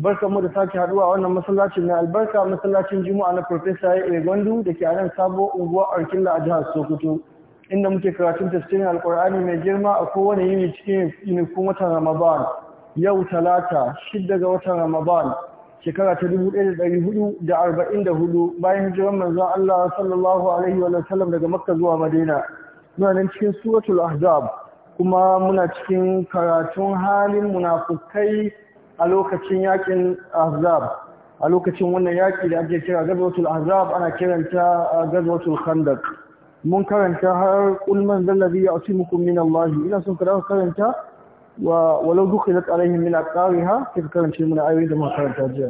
mu da sake haduwa a wannan masallacin na albarka masallacin juma'a na professor ya gwandu da ke anan nan sabo unguwa arkilla a jihar sokoto inda muke karatun tasirin alkur'ani mai girma a kowane yini cikin yinikun watan ramadan yau talata shidda ga watan ramadan shekara ta dubu ɗaya da ɗari hudu da arba'in da hudu bayan hijiran manzon allah sallallahu alaihi wa sallam daga makka zuwa madina muna nan cikin suratul ahzab kuma muna cikin karatun halin munafukai a lokacin yakin azab a lokacin wannan yaki da ake kira gazwatul ahzab ana kiranta uh, gazwatul khandaq mun karanta har qul man zallazi ya'timukum min Allah ina sun karanta wa walau dukhilat alaihim min aqariha kif karanta mun ayoyi da mun karanta jiya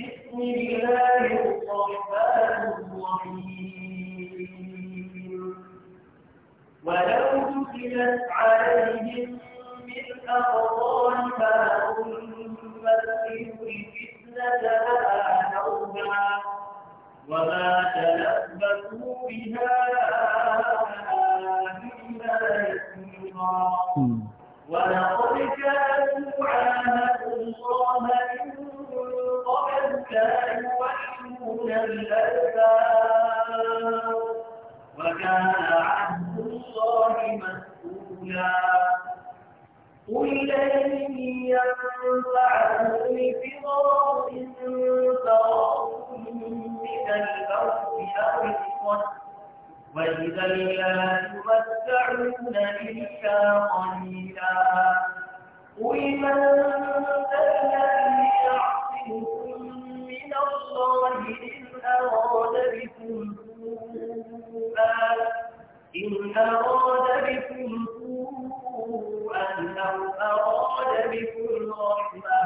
بسم الله الرحمن الرحيم ولو دخلت عليهم من أقطارها ثم اتقوا الفتنة فآتوها وما تلبثوا بها إلا يسيرا ولقد كانوا عامة الله من قبل لا يوحدون الألباب وكان عهد قل لن ينفعكم الفرار إن فررتم من الموت أو القتل وإذا لا تمتعون إلا قليلا قل من ذا الذي يعصمكم من الله إن أراد بكم سوءا إن أراد بكم أو أراد بكم رحمة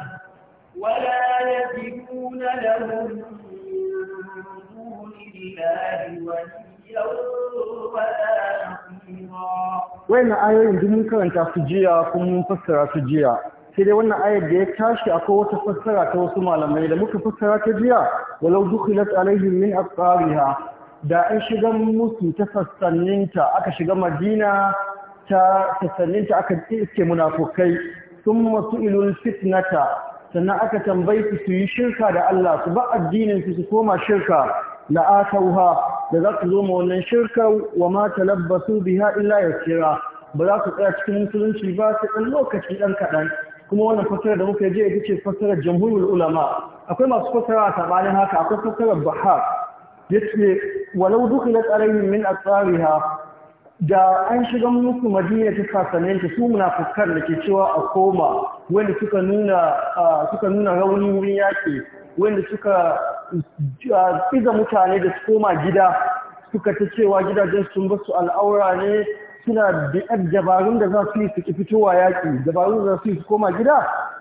ولا لهم من دون الله وليا ولا ayoyin mun karanta su jiya kuma mun fassara su jiya sai dai wannan ayar da ya tashi akwai wata fassara ta wasu malamai da muka fassara ta jiya walau dukhilat alaihim min aqariha da an shiga musu ta fassanninta aka shiga Madina ta tasallinta aka iske munafukai sun masu ilun fitnata sannan aka tambayi su yi shirka da Allah su ba addinin su su koma shirka la'atauha da za su zo ma wannan shirka wa ma talabbasu biha illa yasira ba za su tsaya cikin musulunci ba sai ɗan lokaci ɗan kaɗan kuma wannan fasara da muka je ita ce fasarar jamhurul ulama akwai masu fasara sabanin haka akwai fassarar bahar yace walau dukhilat alaihim min asariha da an shiga musu madina ta ta su munafukan da ke cewa a koma wanda suka nuna suka rauni wurin yaƙi wanda suka iza mutane da su koma gida suka ta cewa gidajen sun basu al'aura ne suna dabarun da za su yi su fitowa yaƙi dabarun da za su yi su koma gida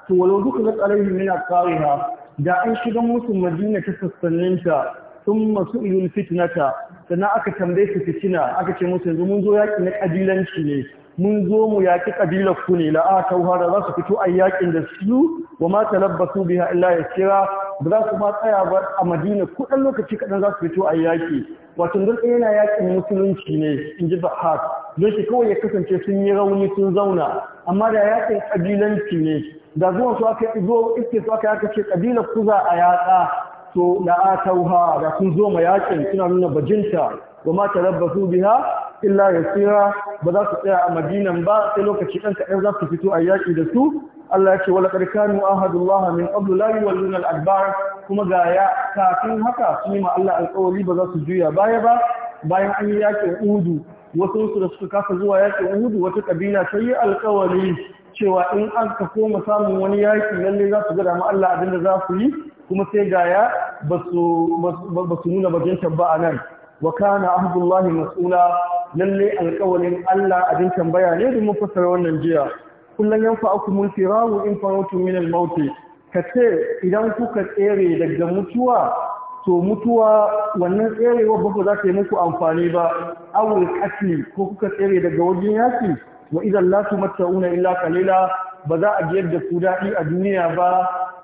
to walau duka na tsaraihi yana kariha da an shiga musu madina ta ta sun masu ilin fitinata. sannan aka tambaye su fitina aka ce musu yanzu mun zo yaƙi na ƙabilanci ne mun zo mu yaƙi ƙabilar ku ne la'a tauhara za su fito a yaƙin da su wa ma talabbasu biha illa ya kira ba za su ma tsaya ba a madina kuɗan lokaci kaɗan za su fito a yaƙi wato don ɗaya yana yaƙin musulunci ne in ji bahar don shi kawai ya kasance sun yi rauni sun zauna amma da yaƙin ƙabilanci ne da zuwan su aka zo iske su aka yaƙa ce ƙabilar ku za a yaƙa to la atauha da kun zo ma yakin suna nuna bajinta wa ma tarabbasu biha illa yasira ba za su tsaya a madinan ba sai lokaci ɗan kaɗan za su fito a yaƙi da su Allah ya ce wala karkanu ahadullah min qablu la yawalluna al-adbar kuma ga ya kafin haka su ma Allah alƙawari ba za su juya baya ba bayan an yi yaƙin Uhudu wasu su da suka kasa zuwa yaƙin Uhudu wata kabila ta yi alƙawari cewa in an ka koma samun wani yaƙi lalle za su gada ma Allah abinda za su yi kuma sai gaya ba su nuna bajinta ba a nan wa kana abdullahi mas'ula lalle alƙawarin Allah abin tambaya ne da mun wannan jiya Kullum 'yan fa yanfa'ukum al rawu in farutum min al Ka ce idan kuka tsere daga mutuwa to mutuwa wannan tserewa ba za ta yi muku amfani ba awul qatl ko kuka tsere daga wajen yaki wa idan la illa kalila ba za a biyar da ku daɗi a duniya ba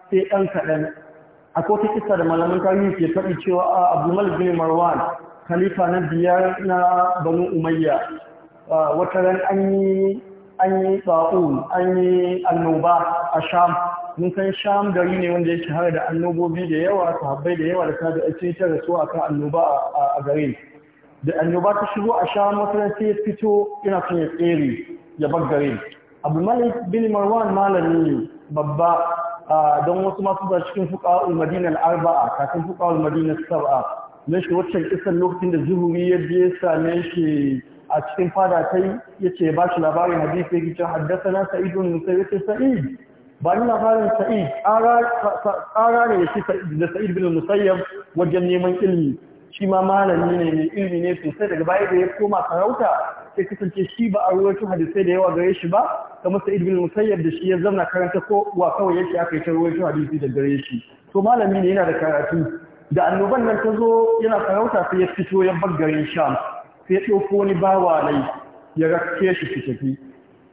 sai ɗan kaɗan akwai wata kisa da malaman tarihi ke faɗi cewa a ah, abdulmalik bin marwan khalifa na biyar na banu umayya ah, wata ran an yi an yi an yi annoba a sham mun san sham gari ne wanda ya shahara da annobobi da yawa sahabbai da yawa da ta da ake ta a akan annoba a gari da annoba ta shigo a sham wata ran sai fito ina son ya tsere ya bar gari abdulmalik bin marwan malami ne babba don wasu masu ba cikin fukawar madina arbaa kafin fuqa'ul madinar sab'a na shi waccan kisan lokacin da zuhuri ya biye same shi a cikin fada ta ya ce ba shi labarin hadisi ya gicin haddasa na sa'idun musa ya ce sa'id ba ni labarin sa'id tsara ne da sa'id bin musayyab wajen neman ilimi. shi ma malami ne mai ilmi ne sosai daga baya da ya koma karauta? sai kasance shi ba a ruwaito hadisai da yawa gare shi ba kamar sa'id bin musayyab da shi ya zama karanta ko wa kawai yake aka yi ta ruwaito hadisi da gare shi to malami ne yana da karatu da annoban nan ta zo yana sarauta sai ya fito ya bar garin sham sai ya ɗauko wani bawa nai ya rakke shi su tafi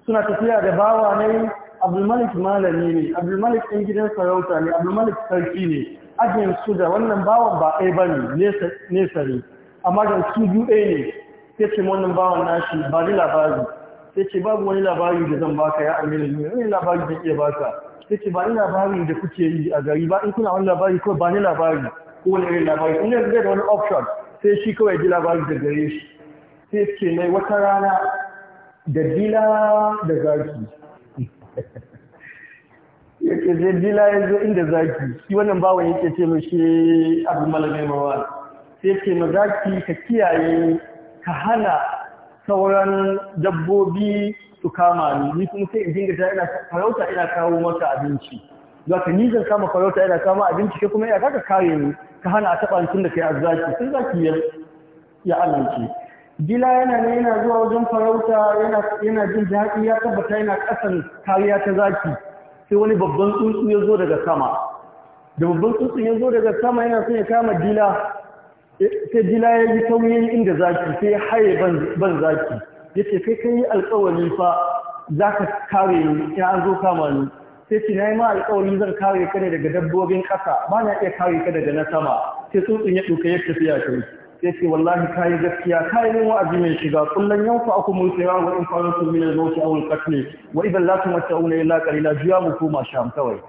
suna tafiya da bawa nai abdulmalik malami ne abdulmalik ɗin gidan sarauta ne abdulmalik sarki ne ajiyar su da wannan bawan ba ɗaya ba ne nesa ne amma da su biyu ɗaya ne sai ce wannan bawan nashi ba ni labari sai ce babu wani labari da zan baka ya amina ne wani labari da iya baka sai ce ba ni labari da kuke yi a gari ba in kuna wani labari kawai ba ni labari ko wani irin labari in yanzu da wani option sai shi kawai ji labari da gare shi sai ce mai wata rana da dila da zaki yake zai dila ya zo inda zaki shi wannan bawan yake ce mai shi abu malamai mawa sai ce ma zaki ka kiyaye ka hana sauran dabbobi su kama ni ni kuma sai in dinga ta ina farauta ina kawo maka abinci za ka ni kama farauta ina kama abinci Ke kuma ina kaka kare ni ka hana a taɓa tun da kai azzaki sai zaki ya alamci. dila yana ne yana zuwa wajen farauta yana yana jin daɗi ya tabbata yana ƙasan kariya ta zaki sai wani babban tsuntsu ya zo daga sama da babban tsuntsu ya zo daga sama yana son ya kama dila Eh, sai dila ya yi tauye inda zaki sai ya haye ban zaki ya ce kai kai alkawari fa za ka kare ni ya an zo kama ni sai ce na yi ma alkawari zan kare ka ne daga dabbobin ƙasa ba na iya kare ka daga na sama sai tsuntsun ya ɗuka ya tafiya yi sai ce wallahi ka yi gaskiya ka yi min wa'azi mai shiga kullum fa aku mun tsira wa in faru su min al-mawti wani al wa idan la tumatta'una lakari na juya mu koma sham kawai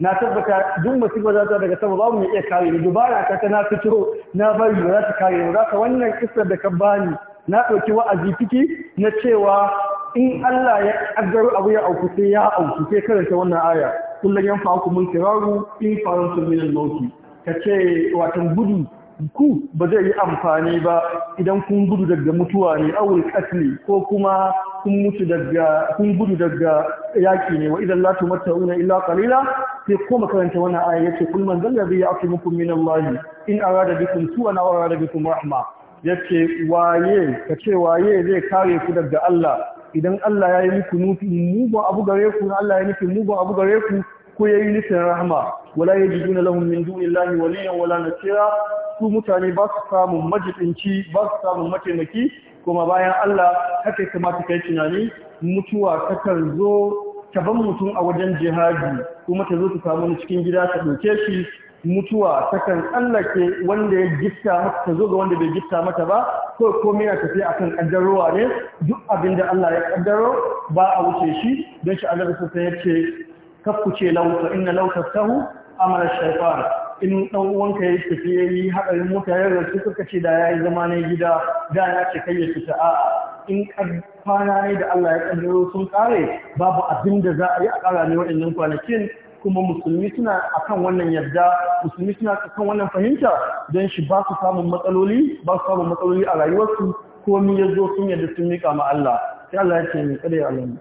na tabbata duk musibar za ta daga sama babu mai iya kare ni dubara ta ta na fito na bari ba za ta kare ni za wannan kisar da ka bani na ɗauki wa'azi ciki na cewa in Allah ya ƙaddaro abu ya auku sai ya auku sai karanta wannan aya kullum yan fa'aku mun kiraru in faransu minan mauti ka ce watan gudu ku ba zai yi amfani ba idan kun gudu daga mutuwa ne awul katli ko kuma kun mutu daga kun gudu daga yaki ne wa idan la tumatta'una illa qalila sai ko makaranta wannan aya yace kul man zalla bi ya'timukum min Allah in arada bikum tuwa aw arada bikum rahma yace waye kace waye zai kare ku daga Allah idan Allah ya yi muku nufi mugun abu gare ku Allah ya nufi mugun abu gare ku ko ya yi nufin rahama wala yajiduna lahum min dunillahi waliyan wala nasira su mutane ba su samun majibinci ba su samun mataimaki kuma bayan Allah haka ya kamata kai tunani mutuwa takan zo ta ban mutum a wajen jihadi kuma ta zo ta samu ni cikin gida ta ɗauke shi mutuwa takan tsallake wanda ya gifta mata ta zo ga wanda bai gifta mata ba ko komai na tafiya akan kaddarowa ne duk abin da Allah ya kaddaro ba a wuce shi don shi Allah sai ya ce kafku ce inna lauka tahu amara shaytan in ɗan uwanka ya tafi ya yi haɗarin mota ya rasu suka ce da ya yi zama na gida da ya ce kai ya fita a in kwana ne da Allah ya ƙaddaro sun kare, babu abin da za a yi a ƙara ne waɗannan kwanakin kuma musulmi suna akan wannan yarda musulmi suna akan wannan fahimta don shi ba su samun matsaloli ba su samun matsaloli a rayuwarsu komi ya zo sun yadda sun miƙa ma Allah sai Allah ya ce mai kada ya alamu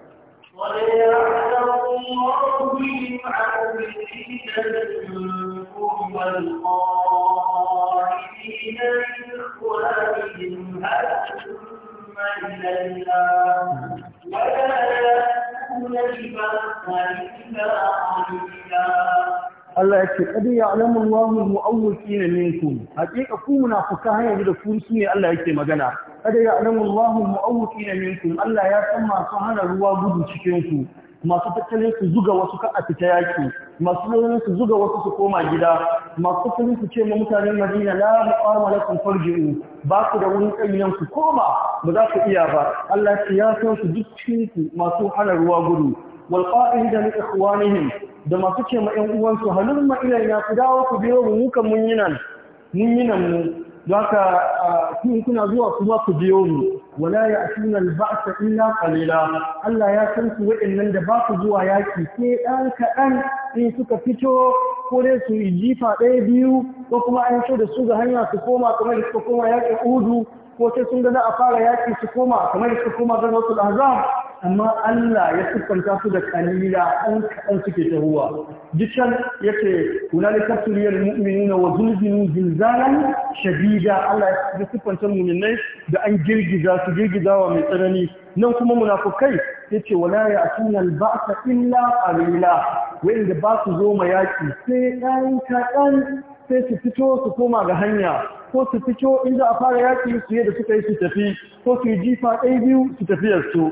Allah ya ce, "Ƙadi ya alamu Allahun mu'awwaki na minku, haƙiƙa ku munafuka hanyar da ku su ne Allah yake magana, "Ƙadi ya alamu Allahun mu'awwaki na ninku, Allah ya san masu hana ruwa gudu cikinku, masu tattalin su zuga wasu ka a fita yaki masu tattalin su zuga wasu su koma gida masu tattalin su ce ma mutanen Madina la muqama lakum farji'u ba ku da wani tsayin ku koma ba za ku iya ba Allah ya san su duk cikin ku masu hana ruwa gudu wal qa'ida li ikhwanihim da masu ce ma ƴan uwansu halumma ilayna ku dawo ku biyo mu kan mun yi mun yi mu don haka kun kuna zuwa kuma ku biyo mu wala ya asuna alba'sa illa qalila Allah ya san ku wa'annan da ba ku zuwa yaki sai dan kaɗan in suka fito ko dai su yi jifa ɗaya biyu ko kuma an fito da su ga hanya su koma kamar da suka koma yaƙin Udu ko sai sun ga za a fara yaƙi su koma kamar da koma ga Rasul Azam amma Allah ya siffanta su da kalila an kaɗan suke tahuwa dukan ya ce kuna da kafturiyar mu'minuna wa zulzinu zilzalan shadida Allah ya siffanta mu'minai da an girgiza su girgizawa mai tsanani nan kuma munafukai ya ce wala ya atuna alba'sa illa qalila wanda ba su zo ma yaki sai ɗan kaɗan sai su fito su koma ga hanya ko su fito inda a fara yaki su da suka yi su tafi ko su yi jifa ɗaya biyu su tafiyar su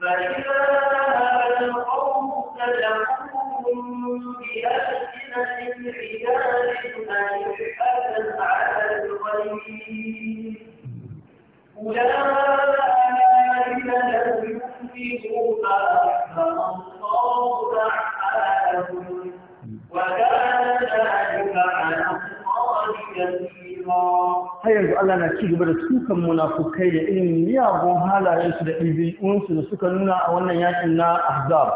فإذا القوم سلموهم بألسنة حجاج أجحدا على الغيب أولئك لم يؤمنوا ما أحسن الله أعمالهم وكان ذلك على الله يسيرا har yanzu Allah na ci gaba da tukan munafukai da irin miyagun halayensu da ɗabi'unsu da suka nuna a wannan yakin na Ahzab.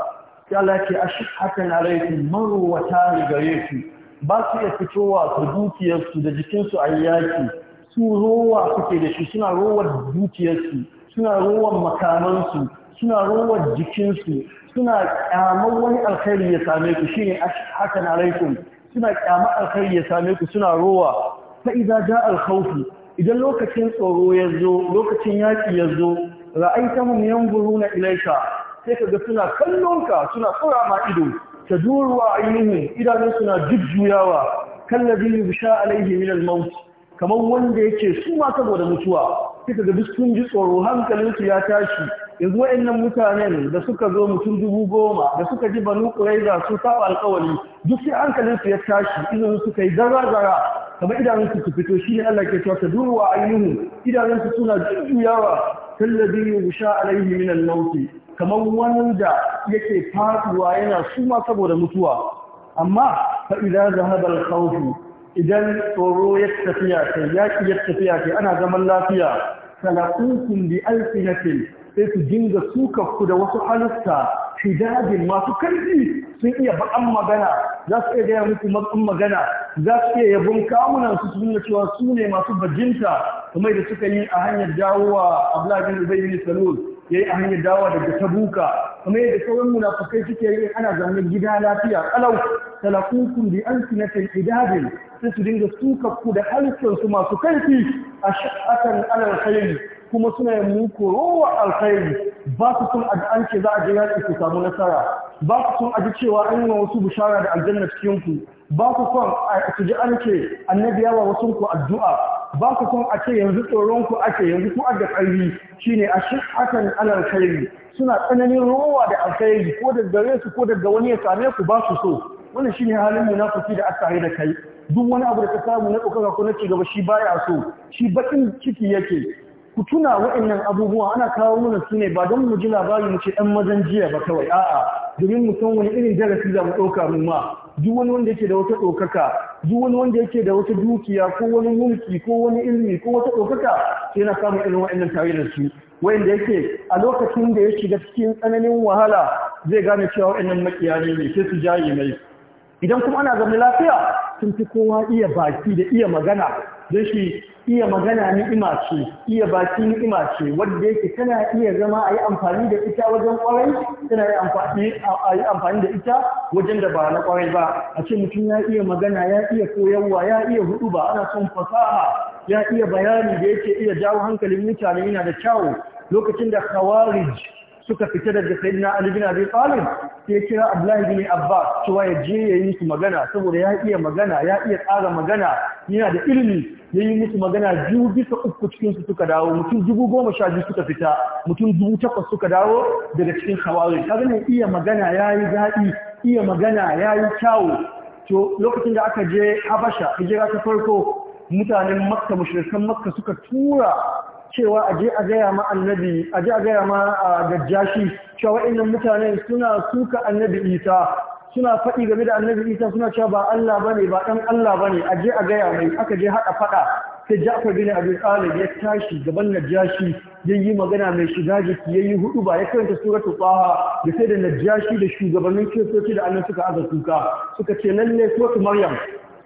Ya Allah ke ashhatan alaikum marwata ne gare su Ba su iya fitowa su dukiyarsu da jikinsu a yaki. Su rowa suke da shi suna rowa dukiyarsu, suna rowa makamansu, suna rowa jikinsu, suna kyamar wani alkhairi ya same ku haka na alaikum. Suna kyamar alkhairi ya same ku suna rowa fa idza jaa al idan lokacin tsoro ya zo lokacin yaki ya zo ra'aytahum yanzuruna ilayka sai ka ga suna kallon ka suna tsora ma ido taduru ainihin idanun suna jujjuyawa kallazi bisha alaihi min al-maut kamar wanda yake su ma saboda mutuwa kika ga duk sun ji tsoro hankalinsu ya tashi yanzu waɗannan mutanen da suka zo mutum dubu goma da suka ji banu ƙuraiza su saba alƙawari duk sai hankalinsu ya tashi izinin suka yi zara-zara kamar idanunsu su fito shi ne Allah ke cewa ta duru wa ainihu idanunsu suna jujjuyawa kallabi yusha alaihi min al-maut kamar wanda yake faduwa yana suma saboda mutuwa amma fa idza zahaba al-khawf idan tsoro ya tafiya kai yaki ya tafiya kai ana zaman lafiya salakunkum bi alfinatin sai su dinga suka ku da wasu halitta hijabin masu karfi sun iya ba'an magana za su iya gaya muku matsin magana za su iya yabon kamunan su suna cewa su ne masu bajinta kamar da suka yi a hanyar dawowa abdullahi bin ubay yi salul yayi a hanyar dawowa daga buka kamar yadda sauran munafukai suke yi ana zaune gida lafiya kalau talakukum bi alsinatin idabin sai su dinga suka ku da harsunsu su masu karfi a sha'atan alal khayr kuma suna yin muku rowa alkhairi ba su sun an ce za a ji yaƙi ku samu nasara ba su sun aji cewa an yi wasu bishara da aljanna cikin ku ba su son su ji an ce annabi yawa wasu ku addu'a ba su son a ce yanzu tsoron ku ake yanzu ku adda ƙarfi shine a shi alkhairi suna tsananin rowa da alkhairi ko da gare su ko daga wani ya same ku ba su so wannan shine halin munafiki da aka da kai duk wani abu da ka samu na ɗaukaka ko na cigaba shi baya so shi bakin ciki yake ku tuna waɗannan abubuwa ana kawo mana su ne ba don mu ji labari mu ce ɗan mazan jiya ba kawai a'a domin mu san wani irin darasi za mu ɗauka mu ma duk wani wanda yake da wata ɗaukaka duk wani wanda yake da wata dukiya ko wani mulki ko wani ilimi ko wata ɗaukaka sai na samun irin waɗannan tare da su wanda yake a lokacin da ya shiga cikin tsananin wahala zai gane cewa waɗannan makiya ne sai su jaye mai idan kuma ana zama lafiya sun fi kowa iya baki da iya magana don shi iya magana ni'ima ce iya baki ni'ima ce wanda yake tana iya zama a yi amfani da ita wajen kwarai tana yi amfani da ita wajen da ba na kwarai ba a ce mutum ya iya magana ya iya koyarwa ya iya hudu ba ana son fasaha ya iya bayani da yake iya jawo hankalin mutane yana da kyawu lokacin da khawarij suka fita daga sayyidina Ali bin Abi Talib sai kira Abdullahi bin Abbas cewa ya je ya yi musu magana saboda ya iya magana ya iya tsara magana yana da ilimi ya yi musu magana biyu bisa uku cikin suka dawo mutum dubu goma sha biyu suka fita mutum dubu takwas suka dawo daga cikin hawari kaga ne iya magana ya yi daɗi iya magana ya yi kyawu to lokacin da aka je Habasha hijira ta farko mutanen Makka mushrikan Makka suka tura cewa aje a gaya ma annabi aje a gaya ma gajjashi cewa mutane suna suka annabi isa suna faɗi game da annabi isa suna cewa ba Allah ne, ba ɗan Allah bane aje a gaya mai aka je haɗa faɗa sai Ja'far bin Abi Talib ya tashi gaban Najashi ya yi magana mai shiga jiki ya yi hudu ba ya karanta suratu Taha da sai da Najashi da shugabannin kiristoci da annabi suka aza kuka suka ce lalle suratu Maryam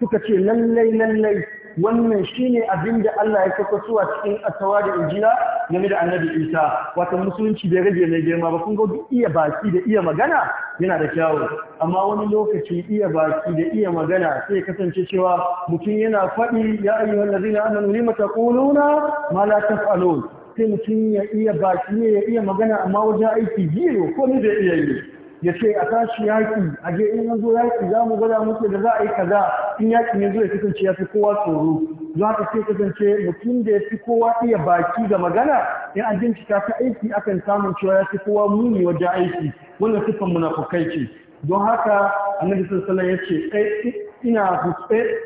suka ce lallai lallai wannan shine abin da Allah ya saka suwa cikin asawa da injila game da annabi Isa wato musulunci bai rage mai girma ba kun ga duk iya baki da iya magana yana da kyawu amma wani lokaci iya baki da iya magana sai kasance cewa mutum yana faɗi ya ayyuhal ladina amanu mata taquluna ma la taf'alun sai mutum ya iya baki ya iya magana amma wajen aiki biyu ko ne da iya yi ya ce a tashi yaƙi a je in yanzu yaƙi za mu gwada musu da za a yi kaza in yaƙi ne zuwa ya kasance ya fi kowa tsoro za ka sai kasance mutum da ya fi kowa iya baki da magana in an bincika ta aiki akan samun cewa ya fi kowa muni wajen aiki wannan siffan munafukai ce don haka annabi sallallahu alaihi ya ce ina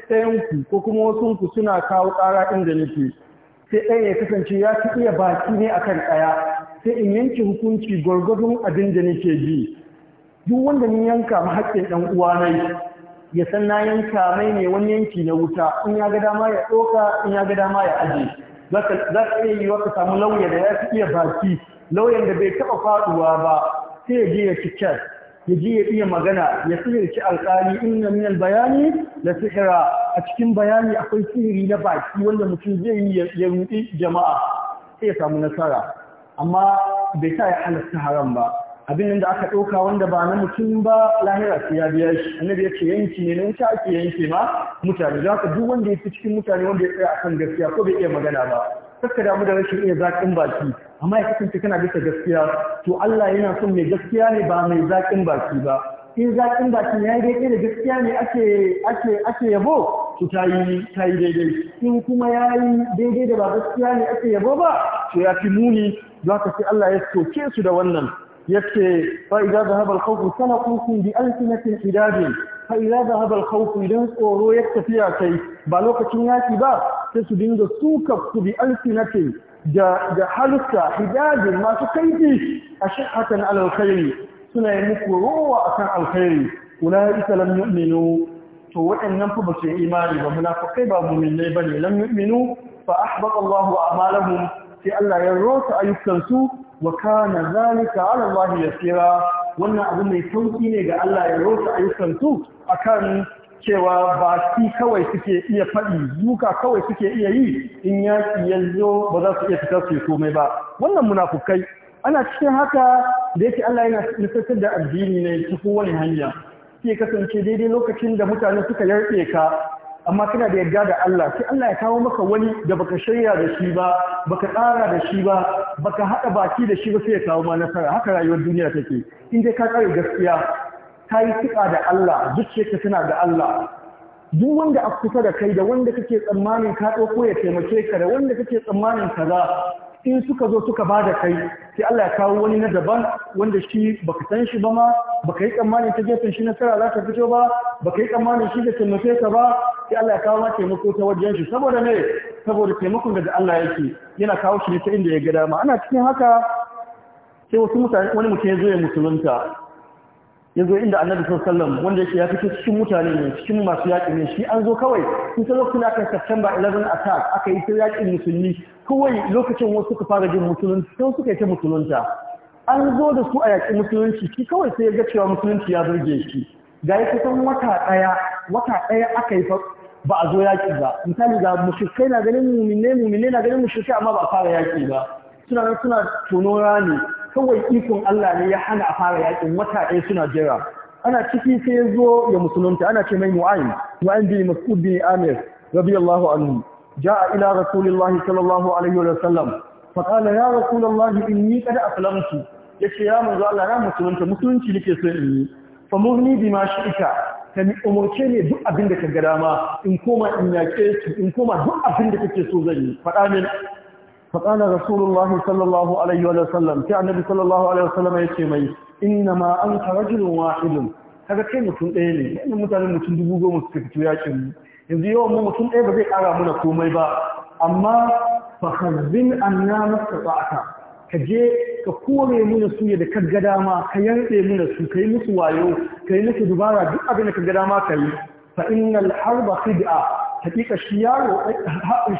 tsayanku ko kuma wasunku suna kawo ƙara inda nake sai ɗaya ya kasance ya fi iya baki ne akan ɗaya sai in yanke hukunci gwargwadon abin da nake ji duk wanda ni yanka ma haƙƙin ɗan uwa nai ya san na yanka mai ne wani yanki na wuta in ya ga dama ya ɗoka in ya ga dama ya aje za ka iya yi ka samu lauya da ya fi iya baki lauyan da bai taɓa faɗuwa ba sai ya je ya ci kyar ya je ya iya magana ya sihirci alƙali inna min bayani la sihira a cikin bayani akwai sihiri na baki wanda mutum zai yi ya rudi jama'a sai ya samu nasara amma bai sa ya halatta haram ba abin da aka ɗauka wanda ba na mutum ba lahira su ya biya shi annabi ya ce yanki ne na wuta ake yanke ma mutane za ka duk wanda ya fi cikin mutane wanda ya tsaya kan gaskiya ko bai iya magana ba kakka damu da rashin iya zaƙin baki amma ya kasance kana bisa gaskiya to Allah yana son mai gaskiya ne ba mai zaƙin baki ba in zaƙin baki ya yi daidai da gaskiya ne ake yabo to ta yi ta yi daidai in kuma ya yi daidai da ba gaskiya ne ake yabo ba to ya fi muni za ka sai Allah ya soke su da wannan yace fa idza dhahaba al-khawf sanaqukum bi alsinatin hidadin fa idza dhahaba al-khawf idan tsoro ya tafiya kai ba lokacin yaki ba sai su dinga suka su bi alsinatin da da halitta hidadin masu kaifi ashhatan ala al-khayr suna yi muku rowa akan alkhairi ulaika lam yu'minu to waɗannan fa ba su yi imani ba munafikai ba mu'minai bane lam yu'minu fa ahbata Allahu a'malahum sai Allah ya rosa ayyukansu wa kana zalika ala Allah yasira wannan abu mai sauki ne ga Allah ya rosa ayyukan su akan cewa ba shi kawai suke iya faɗi duka kawai suke iya yi in yaki yanzu ba za su iya fita su komai ba wannan munafukai ana cikin haka da yake Allah yana nufatar da addini ne cikin wani hanya ke kasance daidai lokacin da mutane suka yarɗe ka amma kana da yarda da Allah sai Allah ya kawo maka wani da baka shirya da shi ba baka tsara da shi ba baka hada baki da shi ba sai ya kawo ma nasara haka rayuwar duniya take in dai ka tsare gaskiya ka yi tuka da Allah zuciyarka tana da Allah duk wanda a kusa da kai da wanda kake tsammanin ka dauko ya taimake ka da wanda kake tsammanin kaza in suka zo suka ba da kai sai Allah ya kawo wani na daban wanda shi baka san shi ba ma baka yi tsammani ta gefen shi nasara za ta fito ba baka yi tsammani shi da taimake ka ba sai Allah ya kawo ma taimako ta wajen shi saboda ne saboda taimakon daga Allah yake yana kawo shi ne ta inda ya ga dama ana cikin haka sai wasu mutane wani mutum ya zo ya musulunta ya zo inda annabi sallallahu wanda yake ya fito cikin mutane ne cikin masu yaƙi ne shi an zo kawai kun lokacin da aka September 11 attack aka yi ta yaƙin musulmi kawai lokacin wasu suka fara jin musulunci sai suka yi ta musulunta an zo da su a yaƙi musulunci shi kawai sai ya cewa musulunci ya burge shi ga ya kusan wata ɗaya wata ɗaya aka yi ba a zo yaƙi ba misali ga mushrikai na ganin mumine mumine na ganin mushrikai amma ba a fara yaƙi ba suna nan suna tono rani kawai ikon Allah ne ya hana a fara yaƙin wata ɗaya suna jira ana ciki sai ya zo ya musulunta ana ce mai mu'ayin mu'ayin bin mas'ud bin amir radiyallahu anhu جاء إلى رسول الله صلى الله عليه وسلم فقال يا رسول الله إني قد أسلمت يكي يا من قال يا مسلم مسلم لكي سئلني فمرني بما شئت ka umarce ne duk abin da ka ga dama in koma in yaƙe su in koma duk abin da kake so zan yi faɗa min faƙana rasulullah sallallahu alaihi wa sallam ta annabi sallallahu alaihi wa sallam ya ce mai inna ma an ka rajulun wahidun kaga kai mutum ɗaya ne wannan mutane mutum dubu goma suka fito yaƙin mu yanzu yawan mu mutum ɗaya ba zai ƙara muna komai ba amma fakazin anna mastata'ata ka je ka kore muna su da ka ga dama ka yanke muna su kai musu wayo kai musu dubara duk abin da ka ga dama ka yi fa innal harba khid'a hakika shi yaro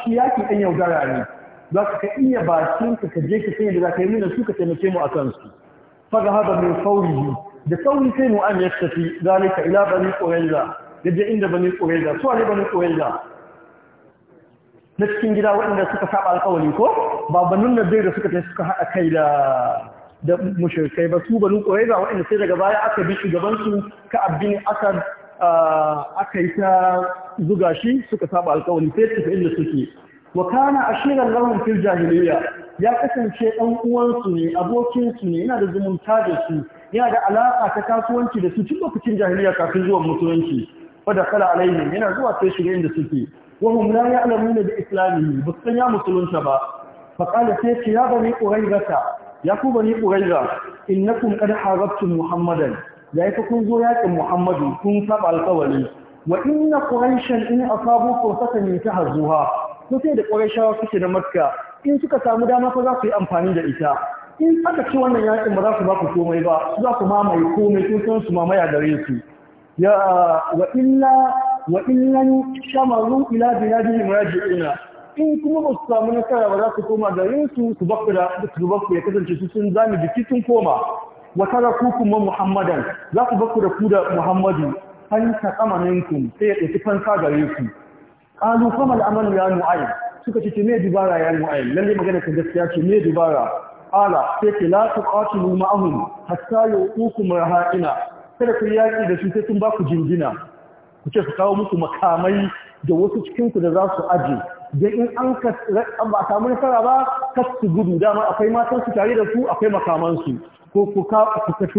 shi yaki ɗan yaudara ne za ka ka iya bakin ka je ka sanya da za ka yi muna su ka taimake mu a kansu faga haɗa mai sauri da sauri sai ya tafi zalika ila bani ƙoraiza ya inda bani ƙuraiza su ne bani ƙuraiza na cikin gida waɗanda suka saba alƙawari ko ba da zai da suka tafi suka haɗa kai da da ba su bani ƙuraiza waɗanda sai daga baya aka bi shugabansu ka abin asar aka yi ta zuga shi suka saba alƙawari sai tafi inda suke wa a shirin lahum fil jahiliya ya kasance ɗan uwansu ne abokinsu ne yana da zumunta da su yana da alaƙa ta kasuwanci da su tun lokacin jahiliya kafin zuwan musulunci fada kala alaihim yana zuwa sai shiga inda suke wahum la ya'lamuna bi islamihi ba ya musulunta ba fa qala sai ya bani qurayrata ya ku bani qurayra innakum qad harabtum muhammadan kun zo yakin muhammadu kun saba alkawari wa inna qurayshan in asabu fursatan yantahzuha ko sai da qurayshawa suke da makka in suka samu dama fa za su yi amfani da ita in aka ci wannan yakin ba za su ba ku komai ba za su mamaye komai sun san su mamaya gare su ya wa illa shamaru ila biladihim raji'una in kuma ba su samu nasara ba za su koma garin su su bakkura su bakku ya kasance su sun zami jiki sun koma wa tarakukum muhammadan za ku bakkura ku da muhammadu an taqama minkum sai ya dauki fansa gare ku qalu fama al ya nu'aym suka ce me dubara ya nu'aym lalle magana ta gaskiya ce me dubara ala sai ke la tuqatilu ma'ahum hatta yuqukum raha'ina kada ku yaƙi da su sai sun ba ku jingina ku ce su kawo muku makamai da wasu cikinku da za su aje da in an ba samu nasara ba kas su gudu dama akwai matan su tare da su akwai makamansu ko ku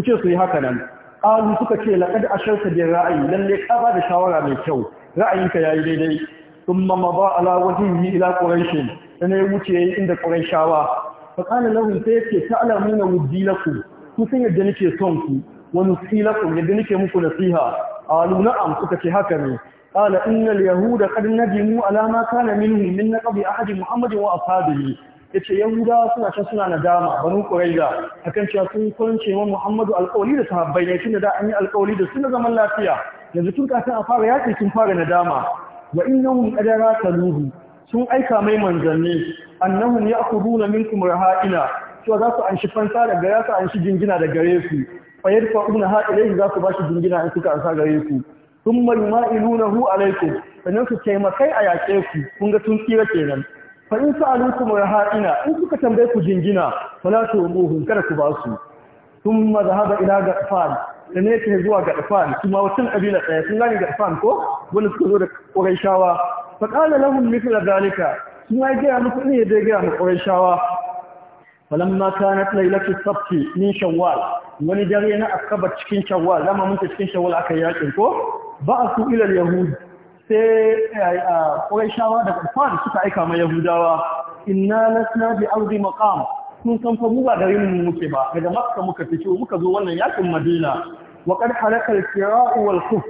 ce su yi haka nan ƙalu suka ce laƙad a sharka da ra'ayi lalle ka ba da shawara mai kyau ra'ayinka ya yi daidai sun mama ba ala wajen yi ila ƙuraishin da na yi wuce ya yi inda ƙuraishawa faƙanin lahun sai yake ta na wujji ku kun san yadda nake son ku wa nusilakum yadda nake muku nasiha qalu na'am suka ce haka ne qala innal yahuda qad nadimu ala ma kana minhum min naqbi ahad muhammad wa ashabihi yace yahuda suna can suna nadama banu quraiza akan cewa sun kwance wa muhammadu alqawli da sahabbai ne tunda da an yi alqawli da suna zaman lafiya yanzu tun kafin a fara yaki sun fara nadama wa innahum qad rataluhu sun aika mai manzanni annahum ya'khuduna minkum raha'ina cewa za su anshi fansa daga ya su anshi jingina da gare su fa yadfa'unaha ilayhi za ku bashi jingina in suka ansa gare ku Sun hu a alaykum sannan su taimakai a yaƙe ku kun ga tun tsira kenan fa in sa'alukum haɗina. in suka tambaye ku jingina wa muhun kada ku ba su haɗa ina ga ɗafan, da ne ke zuwa su kuma wacin ƙabila ɗaya sun gane ɗafan ko wani suka zo da shawa. fa qala lahum mithla zalika sun ya gaya muku ne da gaya mu shawa. falamma kanat lailatul sabt min shawwal wani dare na asabar cikin shawwal dama mun ta cikin shawwal aka yakin ko ba su ila yahud sai quraishawa da kafar suka aika ma yahudawa inna lasna bi ardi maqam mun san fa mu ba garin mu muke ba daga makka muka fice muka zo wannan yakin madina wa qad kira al-kira'u wal khuf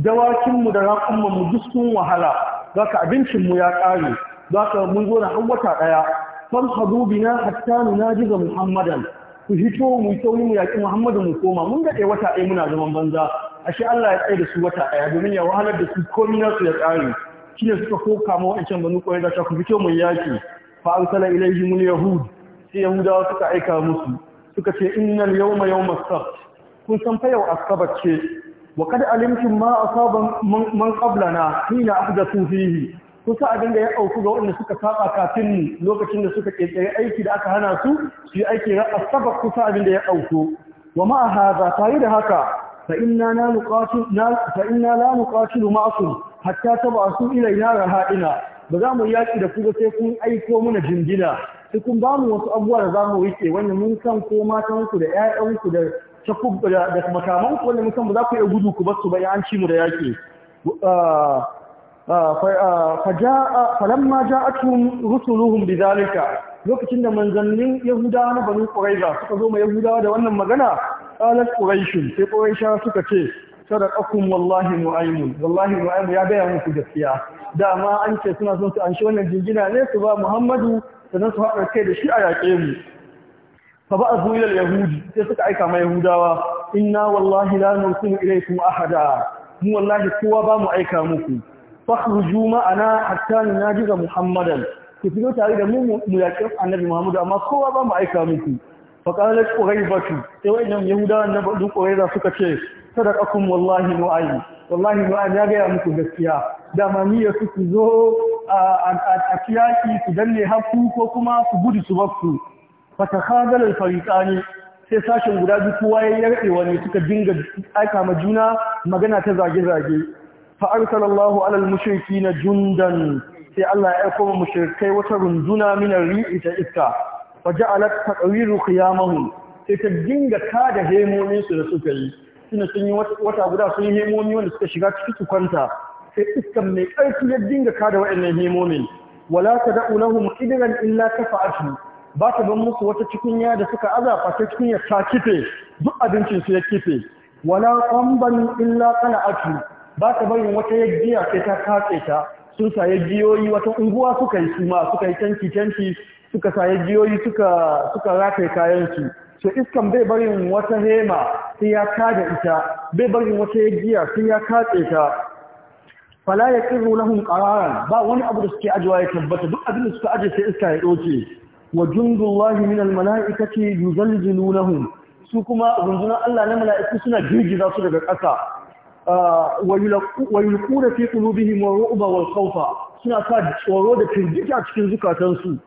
dawakin mu da raƙumman mu duk sun wahala zaka abincin mu ya ƙare zaka mun zo na har wata daya farhadu bina hatta nunajiza muhammadan ku hito mu sauri mu yaki muhammadu mu koma mun dade wata ɗaya muna zaman banza ashe Allah ya tsaye da su wata ɗaya domin ya wahalar da su ko na su ya tsare shine suka koka ma wa'ancan banu ƙwayar da ku fito mu yaki fa arsala ilaihim yahud sai yahudawa suka aika musu suka ce innal yawma yawma sabt kun san fa yau asabar ce wa kada alimtum ma asaba man qablana hina ahdathu fihi kusa abin da ya auku ga waɗanda suka saba kafin lokacin da suka ƙirƙiri aiki da aka hana su su yi aiki na asabar kusa abin da ya auku wa za ta yi da haka fa inna la nuqatilu ma'akum hatta tab'asu ilayna raha'ina ba za mu yaki da ku sai kun aiko muna jingina sai kun ba mu wasu abubuwa da za mu rike wanda mun san ko matanku da 'ya'yanku da takubba da makamanku wanda mun san ba za ku iya gudu ku bar su ba ya an ci mu da yaki falamma ja'atuhum rusuluhum bidhalika lokacin da manzannin yahudawa na banu quraiza suka zo ma yahudawa da wannan magana qalat quraish sai quraisha suka ce sadaqakum wallahi mu'aymun wallahi mu'aymun ya gaya muku gaskiya dama an ce suna son su an shi wannan jingina ne su ba muhammadu sannan su haɗa kai da shi a yaƙe mu fa ba'athu ila yahudi sai suka aika ma yahudawa inna wallahi la nursilu ilaykum ahada mu wallahi kowa ba mu aika muku na ma'ana hatta nunajiza muhammadan ki fito tare da mu mu yaƙi annabi muhammad amma kowa ba mu aika miki fa qalat quraybatu sai wannan yahudawan na badu qurayza suka ce sadaqakum wallahi nu'ayyi wallahi nu'ayyi ya ga muku gaskiya dama niyyar su ku zo a kiyaki ku danne harku ko kuma ku gudu su bakku fa takhadal al-fariqani sai sashen guda duk kowa ya yarɗe wani suka dinga aika ma juna magana ta zage-zage فأرسل الله على المشركين جندا في الله يقوم مشركي وترندنا من الريء تإسكا فجعلت تقرير قيامهم تتجين كاد هيمونين سلسكي suna sun yi wata guda sun yi hemomi wanda suka shiga ciki su kwanta sai iskan mai ƙarfi ya dinga kada waɗannan hemomin wala ta da'u lahum idran illa kafa'atu ba ta ban musu wata cikunya da suka azafa ta ya ta kife duk abincin su ya kife wala qamban illa qala'atu ba ka barin wata yajjiya sai ta katse ta sun sa yajjiyoyi wata unguwa suka yi suma suka yi canci canci suka sa yajjiyoyi suka suka rataye kayan su so iskan bai barin wata hema sai ya kada ita bai barin wata yajjiya sai ya katse ta fala ya kirru lahum qararan ba wani abu da suke ajiwa ya tabbata duk abin da suka aje sai iska ya doke wa jundullahi min almalaikati yuzalzilunahum su kuma rundunar Allah na mala'iku suna girgiza su daga ƙasa wa yulquna fi qulubihim ruba wal khawfa suna sa tsoro da firgita a cikin zukatansu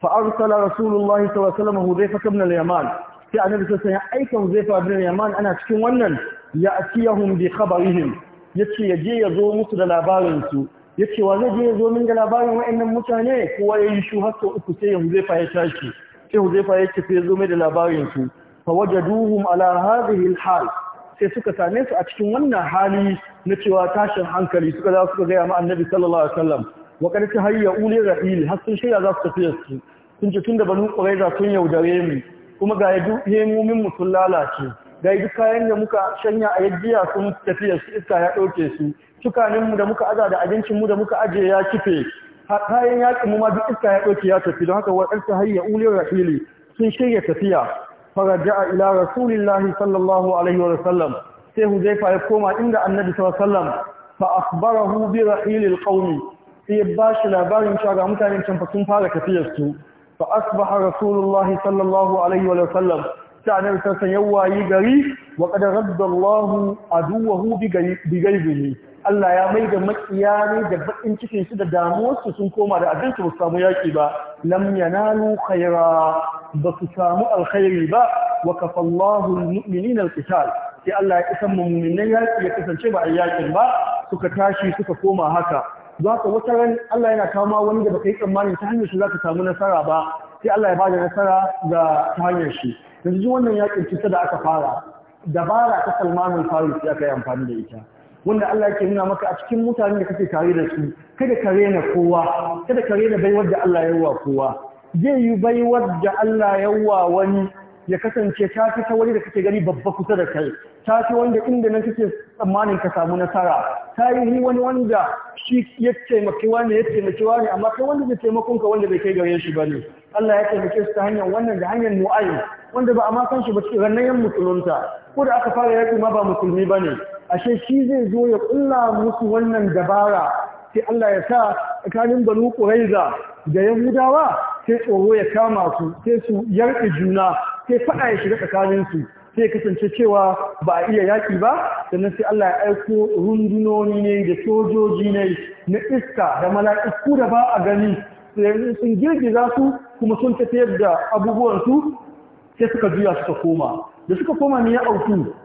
fa arsala rasulullahi sallallahu alaihi wasallam hudayfa ibn al-yaman sai annabi aika hudayfa ibn al-yaman ana cikin wannan ya atiyahum bi khabarihim yace yaje ya zo musu da labarin su yace wa zai je ya zo min da labarin wa'annan mutane kowa yayi shi, har uku sai hudayfa ya tashi sai hudayfa yace sai ya zo mai da labarin su fa wajaduhum ala hadhihi al-hal sai suka same su a cikin wannan hali na cewa tashin hankali suka za su gaya ma annabi sallallahu alaihi wasallam wa qad tahayya uli ra'il har sun shirya za su tafi su sun ce tunda banu quraiza sun yaudare mu kuma ga yadu hemomin mu sun lalace ga yadu kayan da muka shanya a yajiya sun tafi su iska ya dauke su tukanin mu da muka aza da abincin mu da muka aje ya kife kayan yakin mu ma duk iska ya dauke ya tafi don haka wa qad tahayya uli ra'ili sun shirya tafiya faraja ila rasulillahi sallallahu alaihi wa sallam sai huzaifa ya koma inda annabi sallallahu alaihi wa sallam fa akhbarahu bi rahilil qaumi sai ya bashi labarin cewa ga mutanen can fa sun fara tafiyar su fa asbaha rasulullahi sallallahu alaihi wa sallam sai annabi sallallahu alaihi wa sallam wayi gari wa qad radda aduwahu bi gaibihi Allah ya mai da makiya ne da baƙin cikin su da damuwarsu sun koma da abinci ba su samu yaƙi ba lam yanalu khaira ba su samu alkhairi ba wa kafallahu almu'minina sai Allah ya isan mu'minan yaƙi ya kasance ba a yaƙin ba suka tashi suka koma haka zaka wata ran Allah yana kama wani da baka yi tsammanin ta hanyar shi zaka samu nasara ba sai Allah ya bada nasara ga ta hanyar shi yanzu wannan yaƙin cuta da aka fara dabara ta Salman al-Farisi aka yi amfani da ita wanda Allah yake nuna maka a cikin mutanen da kake tare da su kada ka rena kowa kada ka rena baiwar da Allah ya yawa kowa zai yi baiwar da Allah ya yawa wani ya kasance ta fi ta wani da kake gani babba kusa da kai ta fi wanda inda nan kake tsammanin ka samu nasara ta yi wani wanda shi ya taimaki wani ya taimaki wani amma kai wanda zai taimakon ka wanda bai kai gare shi bane Allah ya taimake su ta hanyar wannan da hanyar mu'ayyin wanda ba a kanshi shi ba cikin rannayen musulunta ko da aka fara yaki ma ba musulmi bane ashe shi zai zo ya kulla musu wannan dabara sai Allah ya sa tsakanin banu quraiza da yahudawa sai tsoro ya kama su sai su yarda juna sai faɗa ya shiga tsakaninsu. sai kasance cewa ba a iya yaƙi ba sannan sai Allah ya aiko rundunoni ne da sojoji ne na iska da mala'iku da ba a gani sun girgiza su kuma sun tafiyar da abubuwansu sai suka juya suka koma da suka koma ne ya auku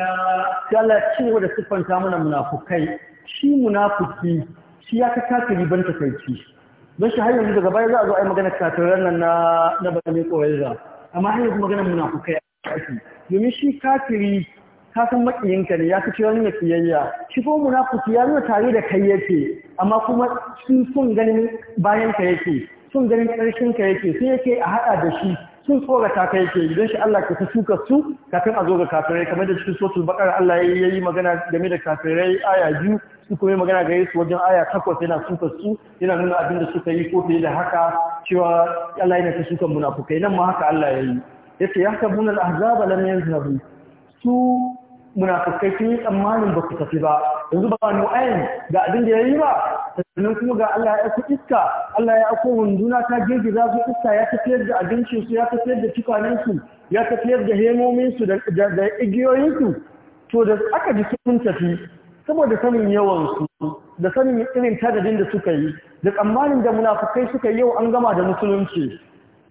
Allah da siffanta mana munafukai shi munafuki shi ya ka ban don shi har yanzu daga baya za a zo a yi magana kafiran nan na na bane koyarwa amma har yanzu magana munafukai ake domin shi kafiri ka san makiyinka ne ya fi ci nuna kiyayya shi ko munafuki ya nuna tare da kai yake amma kuma sun ganin bayan yake sun ganin karshen ka yake sai yake a hada da shi sun tsorata ka yake idan shi Allah ka shuka su kafin a zo ga kafirai kamar da cikin sotul bakar Allah ya yi magana game da kafirai aya biyu su kuma magana gare su wajen aya takwas yana shuka su yana nuna abin da suka yi ko fiye da haka cewa Allah yana ta shuka munafukai nan ma haka Allah ya yi yace ya kabun al ahzaba lam yanzahu su munafukai sun yi tsammanin ba ku tafi ba yanzu ba ayin ga abin da ya yi ba sannan kuma ga Allah ya aiko iska Allah ya aiko hunduna ta za su iska ya tafiyar da abincin su ya tafiyar da tukanen su ya tafiyar da hemomin su da igiyoyin su to da aka ji sun tafi saboda sanin yawan su da sanin irin tadadin da suka yi da tsammanin da munafukai suka yi yau an gama da musulunci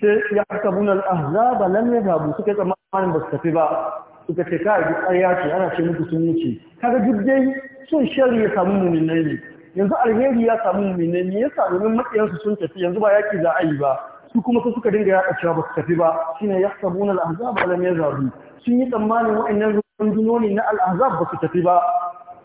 sai ya kabuna al-ahzaba lam yadhabu suka tsammanin ba su tafi ba suka ce kai duk ƙarya ce ana ce muku sun wuce kaga duk dai cin shari ya samu muminai ne yanzu alheri ya samu muminai ne yasa domin matsayansu sun tafi yanzu ba yaki za a yi ba su kuma su suka dinga yaɗa cewa ba su tafi ba shine ya samu na al'azab alam lamar zaru sun yi tsammanin wa'annan rundunoni na al'azab ba su tafi ba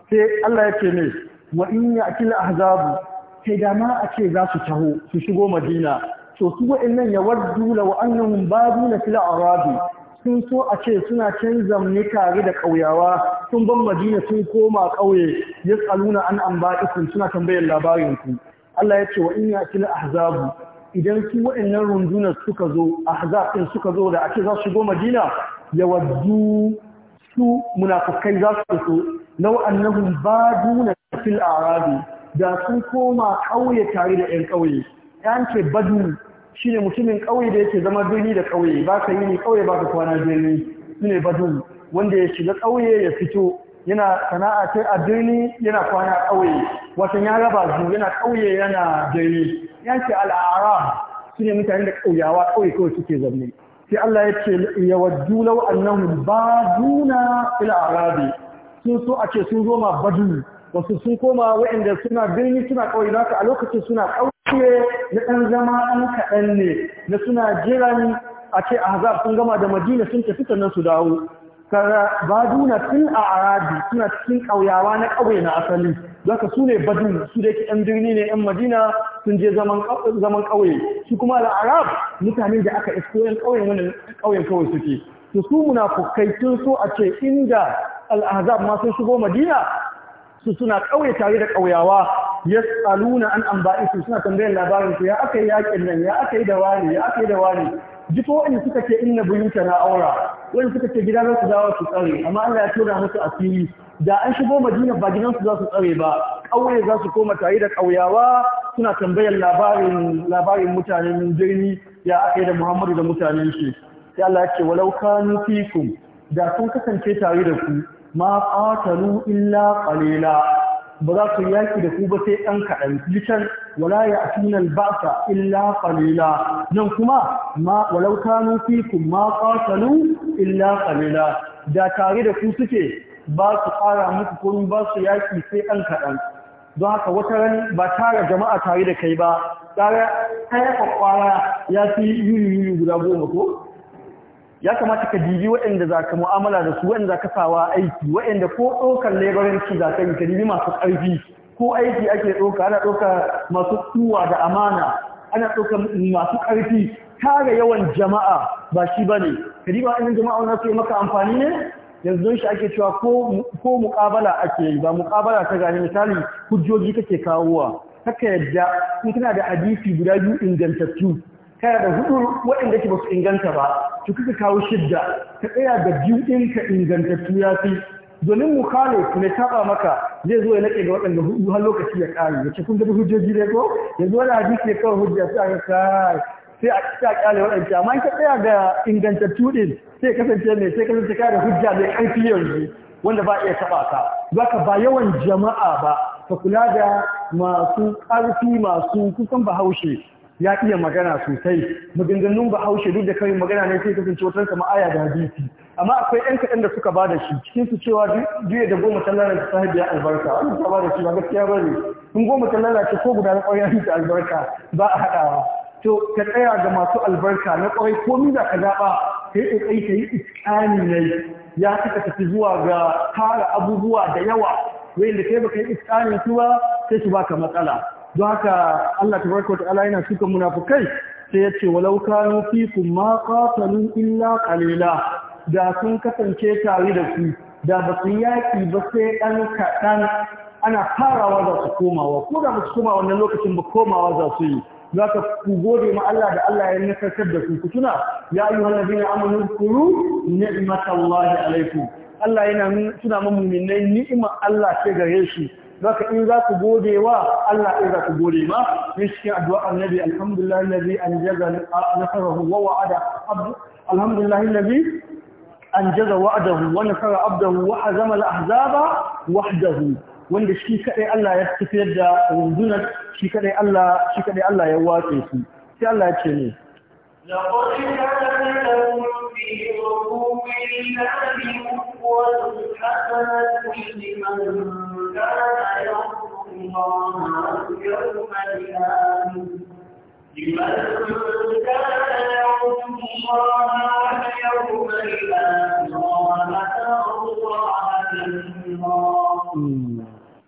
sai Allah ya ce ne wa in ya akil ahzabu sai da ma a ce za su taho su shigo madina to su wa'annan ya waddu la ba annahum baduna fil arabi sun so a ce suna canza zamne tare da ƙauyawa sun ban madina sun koma ƙauye ya tsaluna an an suna tambayar labarin ku Allah ya ce wa in yakil ahzabu idan su waɗannan rundunar suka zo ahzab ɗin suka zo da ake za su shigo madina ya waddu su munafukai za su so law annahum baduna fil a'rabi da sun koma ƙauye tare da ƴan ƙauye yan ce badu shine mutumin ƙauye da yake zama birni da ƙauye ba ka yi yini ƙauye ba ka kwana birni su ne badul wanda ya shiga ƙauye ya fito yana sana'a ta a birni yana kwana ƙauye watan ya raba zu yana ƙauye yana birni yanke al'ara su ne mutane da ƙauyawa ƙauye kawai suke zaune sai Allah ya ce ya waddu law annahum baduna ila arabi sun so a ce sun zo ma badun. wasu sun koma waɗanda suna birni suna ƙauye na a lokacin suna ƙauye na ɗan zama ɗan kaɗan ne na suna jiran a ce a hazar sun gama da madina sun tafi sannan su dawo kara baduna tun a arabi suna cikin ƙauyawa na ƙauye na asali ka su ne badun su da yake ɗan birni ne ɗan madina sun je zaman ƙauye su kuma Al-Arab? mutanen da aka isko yan ƙauye wani kawai suke to su munafukai sun so a ce inda al'azab ma sun shigo madina su suna kauye tare da ƙauyawa tsaluna an su suna tambayar labarin su ya aka yi yakin nan ya aka yi da wani ya aka yi da wani jiko in suka ce inna buyuka na aura wani suka ce gida za su dawo su tsare amma Allah ya tura musu asiri da an shigo Madina ba gidansu za su tsare ba ƙauye za su koma tare da ƙauyawa suna tambayar labarin labarin mutanen birni ya aka yi da Muhammadu da mutanen shi sai Allah ya ce walau kanu fikum da sun kasance tare da ku ma qatalu illa qalila ba za su yaki da ku ba sai ɗan kaɗan litan wala ya atinal ba'sa illa qalila nan kuma ma walau kanu fikum ma qatalu illa qalila da tare da ku suke ba su fara muku komai ba su yaki sai ɗan kaɗan don haka wata ran ba tara jama'a tare da kai ba tsara ɗaya kwakwara ya fi yuri yuri guda goma ko ya kamata ka dibi waɗanda za ka mu'amala da su waɗanda za ka sawa aiki waɗanda ko ɗaukar laboranci za ka yi ka dibi masu ƙarfi ko aiki ake ɗauka ana ɗauka masu tsuwa da amana ana ɗauka masu ƙarfi kare yawan jama'a ba shi ba ne ka dibi waɗanda jama'a wani su yi maka amfani ne yanzu shi ake cewa ko muƙabala ake yi ba muƙabala ta gani misali hujjoji kake kawowa kaka yadda in kana da hadisi guda biyu ingantattu kana da hudu waɗanda ke ba su inganta ba to kuka kawo shidda ka tsaya da biyu ɗin ka ingantattu ya fi domin mukhalif mai taɓa maka zai zo ya nake ga waɗanda hudu har lokaci ya ƙare ya ce kun ga hujjoji ne ko Ya zo da hadisi ke kawo hujja sai aka kai sai a kisa ƙare waɗanda amma ka tsaya da ingantattu ɗin sai kasance mai sai kasance ka da hujja mai ƙarfi yanzu wanda ba iya taɓa ka zaka ba yawan jama'a ba ka kula da masu ƙarfi masu kusan bahaushe ya iya magana sosai maganganun bahaushe duk da kawai magana ne sai kasance wata kama aya da hadisi amma akwai ɗan kaɗan da suka bada shi cikin su cewa juya da goma ta sahibi ya albarka an ta bada shi ba gaskiya ba ne sun goma ta ko guda na ƙwarai ta albarka ba a haɗawa to ka tsaya ga masu albarka na ƙwarai mi za ka zaɓa ka yi ƙoƙari ka yi iskani ne ya suka tafi zuwa ga tara abubuwa da yawa wanda kai baka yi iskani su ba sai su baka matsala don haka Allah ta wa ta'ala yana suka munafukai sai ya ce walau kanu fikum ma illa kalila da sun kasance tare da ku da ba su yaki ba sai ɗan kaɗan ana farawa za su komawa ko da ba su koma wannan lokacin ba komawa za su yi za ka ku gode ma Allah da Allah ya nasarkar da su ku tuna ya ayyuhal ladina amanu kuru ni'matallahi alaikum Allah yana tuna mu mu'minai ni'imar Allah ce gare shi Baka in za ku gode wa Allah in za ku gode ma ne shi addu'a annabi alhamdulillah allazi anjaza nasarahu wa wa'ada abdu alhamdulillah allazi anjaza wa'adahu wa nasara abdahu wa hazama al-ahzaba wahdahu wanda shi kadai Allah ya tafiyar da rundunar shi kadai Allah shi kadai Allah ya watsa su sai Allah ya ce ne لقد كان لكم في رسول الله أسوة حسنة لمن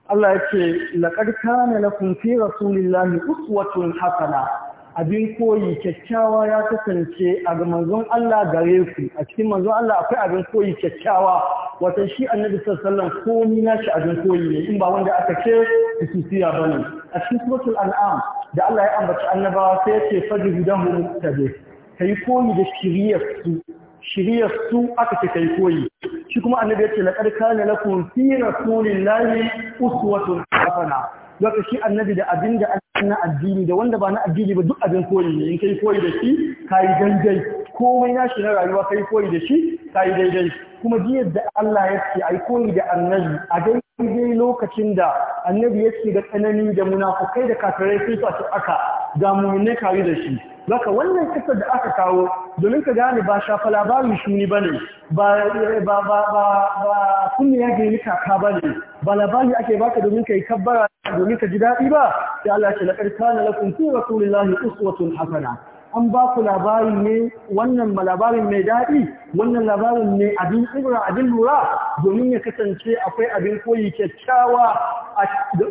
Allah ya ce, Laƙarƙa ne na kunfi Rasulullahi, Uswatun hasana" abin koyi kyakkyawa ya kasance a manzon Allah gare ku a cikin manzon Allah akwai abin koyi kyakkyawa wata shi annabi sallallahu alaihi komi na shi abin koyi ne in ba wanda aka ce kususiya bane a cikin suratul an'am da Allah ya ambaci annabawa sai ya ce fadi hudahu mutabe kai koyi da shiriyar su shiriyar su aka ce kai koyi shi kuma annabi ya ce laqad kana lakum fi rasulillahi uswatun hasana zaka shi annabi da abin da na addini da wanda ba na addini ba duk abin koyi ne in kai koyi da shi kai daidai komai na shi na rayuwa kai koyi da shi kai daidai kuma ji yadda Allah ya ce ai koyi da annabi a dai daidai lokacin da annabi yake da tsanani da munafukai da kafirai sun fasu aka ga mummunai kare da shi zaka wannan kisa da aka kawo domin ka gane ba shafa labarin shuni bane ba ba ba ba kunni ya gani kaka bane ba labari ake baka domin kai kabbara domin ka ji daɗi ba sai Allah ya ce laqad kana lakum fi rasulillahi uswatun hasana an ba ku labari ne wannan labarin mai daɗi wannan labarin ne abin ibra abin lura domin ya kasance akwai abin koyi kyakkyawa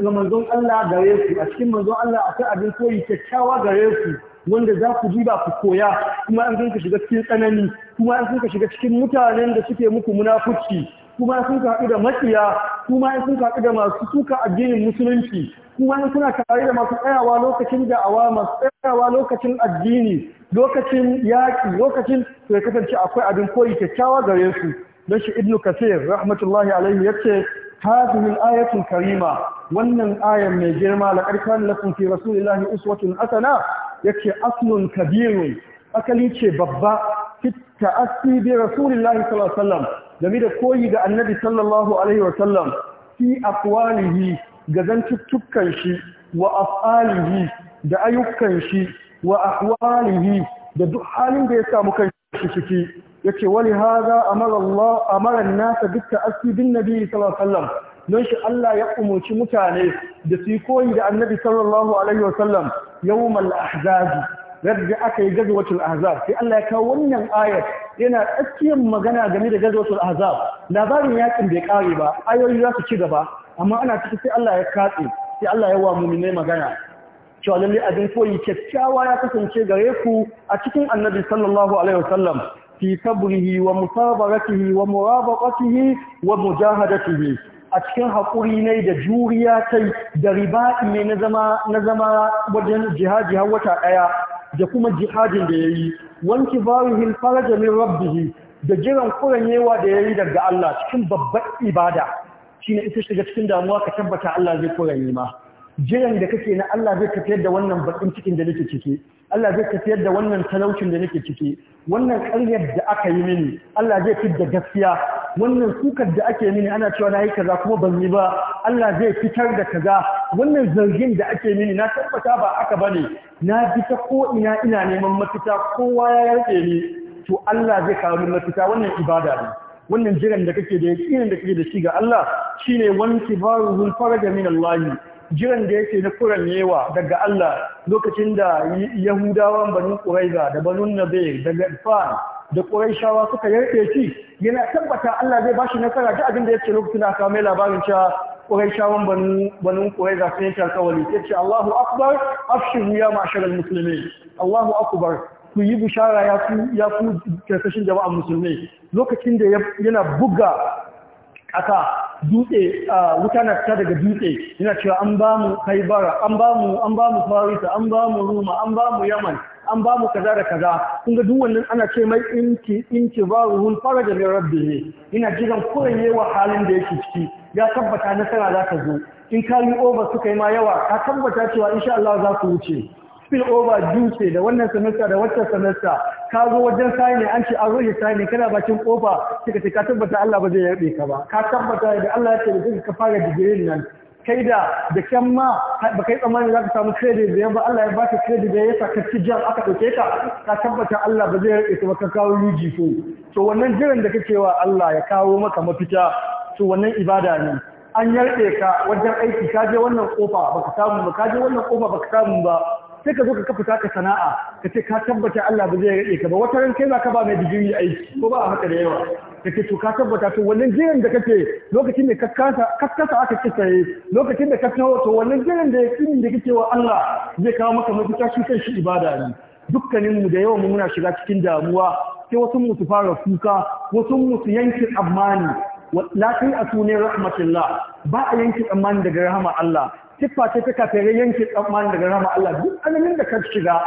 ga manzon Allah gare ku a cikin manzon Allah akwai abin koyi kyakkyawa gare ku wanda za ku duba ku koya kuma an kanka shiga cikin tsanani kuma an kanka shiga cikin mutanen da suke muku munafuci kuma sun haɗu da maƙiya. kuma sun haɗu da masu suka addinin musulunci kuma in kuna tare da masu tsayawa lokacin da'awa masu tsayawa lokacin addini lokacin yaƙi lokacin to kasance akwai abin koyi kyakkyawa gare su don shi ibnu kasir rahmatullahi alaihi yace هذه الآية Karima. wannan ayan mai girma la karkan lakum fi rasulillahi uswatun hasana yake aslun kabirun akali ce babba fi ta'assi bi rasulillahi sallallahu alaihi wasallam game da koyi ga annabi sallallahu alaihi wasallam fi aqwalihi ga zantuttukan shi wa af'alihi da ayyukan shi wa ahwalihi da duk halin da ya samu kanshi ciki yace wali hada amara Allah amara an-nas bi ta'assi bin nabi sallallahu alaihi wasallam don shi Allah ya umurci mutane da su koyi da annabi sallallahu alaihi wasallam yawmal ahzab yadda aka yi gazwatul ahzab sai Allah ya kawo wannan ayat yana tsakiyar magana game da gazwatul ahzab labarin yakin bai kare ba ayoyi za su ci gaba amma ana cikin sai Allah ya katse sai Allah ya wa mu'minai magana cewa lalle abin koyi kyakkyawa ya kasance gare ku a cikin annabi sallallahu alaihi wasallam fi sabrihi wa musabaratihi wa murabaqatihi wa mujahadatihi a cikin haƙuri ne da juriya kai da riba'i ne na zama wajen jihaji har wata ɗaya da kuma jihadin da yayi wanki barihil faraja min rabbih da jiran kuranyewa da yayi daga Allah cikin babbar ibada shi shine ita shiga cikin damuwa ka tabbata Allah zai kuranye ma jiran da kake na Allah zai tafiyar da wannan baɗin cikin da nake ciki Allah zai tafiyar da wannan talaucin da nake ciki wannan ƙaryar da aka yi mini Allah zai fitar da gaskiya wannan sukar da ake mini ana cewa na yi kaza kuma ban yi ba Allah zai fitar da kaza wannan zargin da ake mini na tabbata ba aka bane na bi ta ko ina ina neman mafita kowa ya yarke ni to Allah zai kawo min mafita wannan ibada ne wannan jiran da kake da yakinin da kake da shi ga Allah shine tibaru zul faraja min Allah jiran da yake na kuranyewa daga Allah lokacin da Yahudawan Banu Quraiza da Banu Nabi, da Fa'a da ƙurayshawa suka yarfe shi yana tabbata Allah zai bashi nasara ta abin da ce lokacin da aka mai labarin cewa ƙurayshawan banu banu ƙurayza sun yanke alƙawari sai ce Allahu akbar afshiru ya ma'sharal musulmi Allahu akbar ku yi bishara ya ku ya ku kasashin jama'an musulmi lokacin da yana buga aka dutse wuta na ta daga dutse yana cewa an ba mu kaibara an ba mu an ba mu farisa an ba mu ruma an ba mu yaman an ba mu kaza da kaza kun ga duk wannan ana ce mai inki inki baruhun faraja rabbi ne ina jiran yayi wa halin da yake ciki ya tabbata nasara za ta zo in kayi over suka yi ma yawa ka tabbata cewa insha Allah za ku wuce spill over juice da wannan semester da wancan semester ka zo wajen ne an ce an sai ne kana bakin kofa kika ce ka tabbata Allah ba zai yabe ka ba ka tabbata da Allah ya ce da ka fara digirin nan kai da da kyan ma ba kai tsammani za ka samu credit da ba Allah ya ba ka credit da ya sa ka ci jan aka dauke ka ka tabbata Allah ba zai yabe ka ba ka kawo yuji so to wannan jiran da kake wa Allah ya kawo maka mafita to wannan ibada ne an yarde ka wajen aiki ka je wannan kofa baka samu ba ka je wannan kofa baka samu ba sai ka zo ka kafa taka sana'a ka ce ka tabbata Allah ba zai rike ka ba wata ran kai za ka ba mai digiri aiki ko ba a haka da yawa ka ce to ka tabbata to wannan jiran da kake lokacin da ka kasa aka kisa lokacin da ka tawo to wannan jiran da yakin da kake wa Allah zai kawo maka mafita shi kan shi ibada ne dukkaninmu da yawa muna shiga cikin damuwa sai wasu su fara kuka wasu su yanki amani lakin a sunan rahmatullah ba a yanki tsammani daga rahama Allah siffa ce ta kafirai yanke tsammani daga rama Allah duk alamin da ka shiga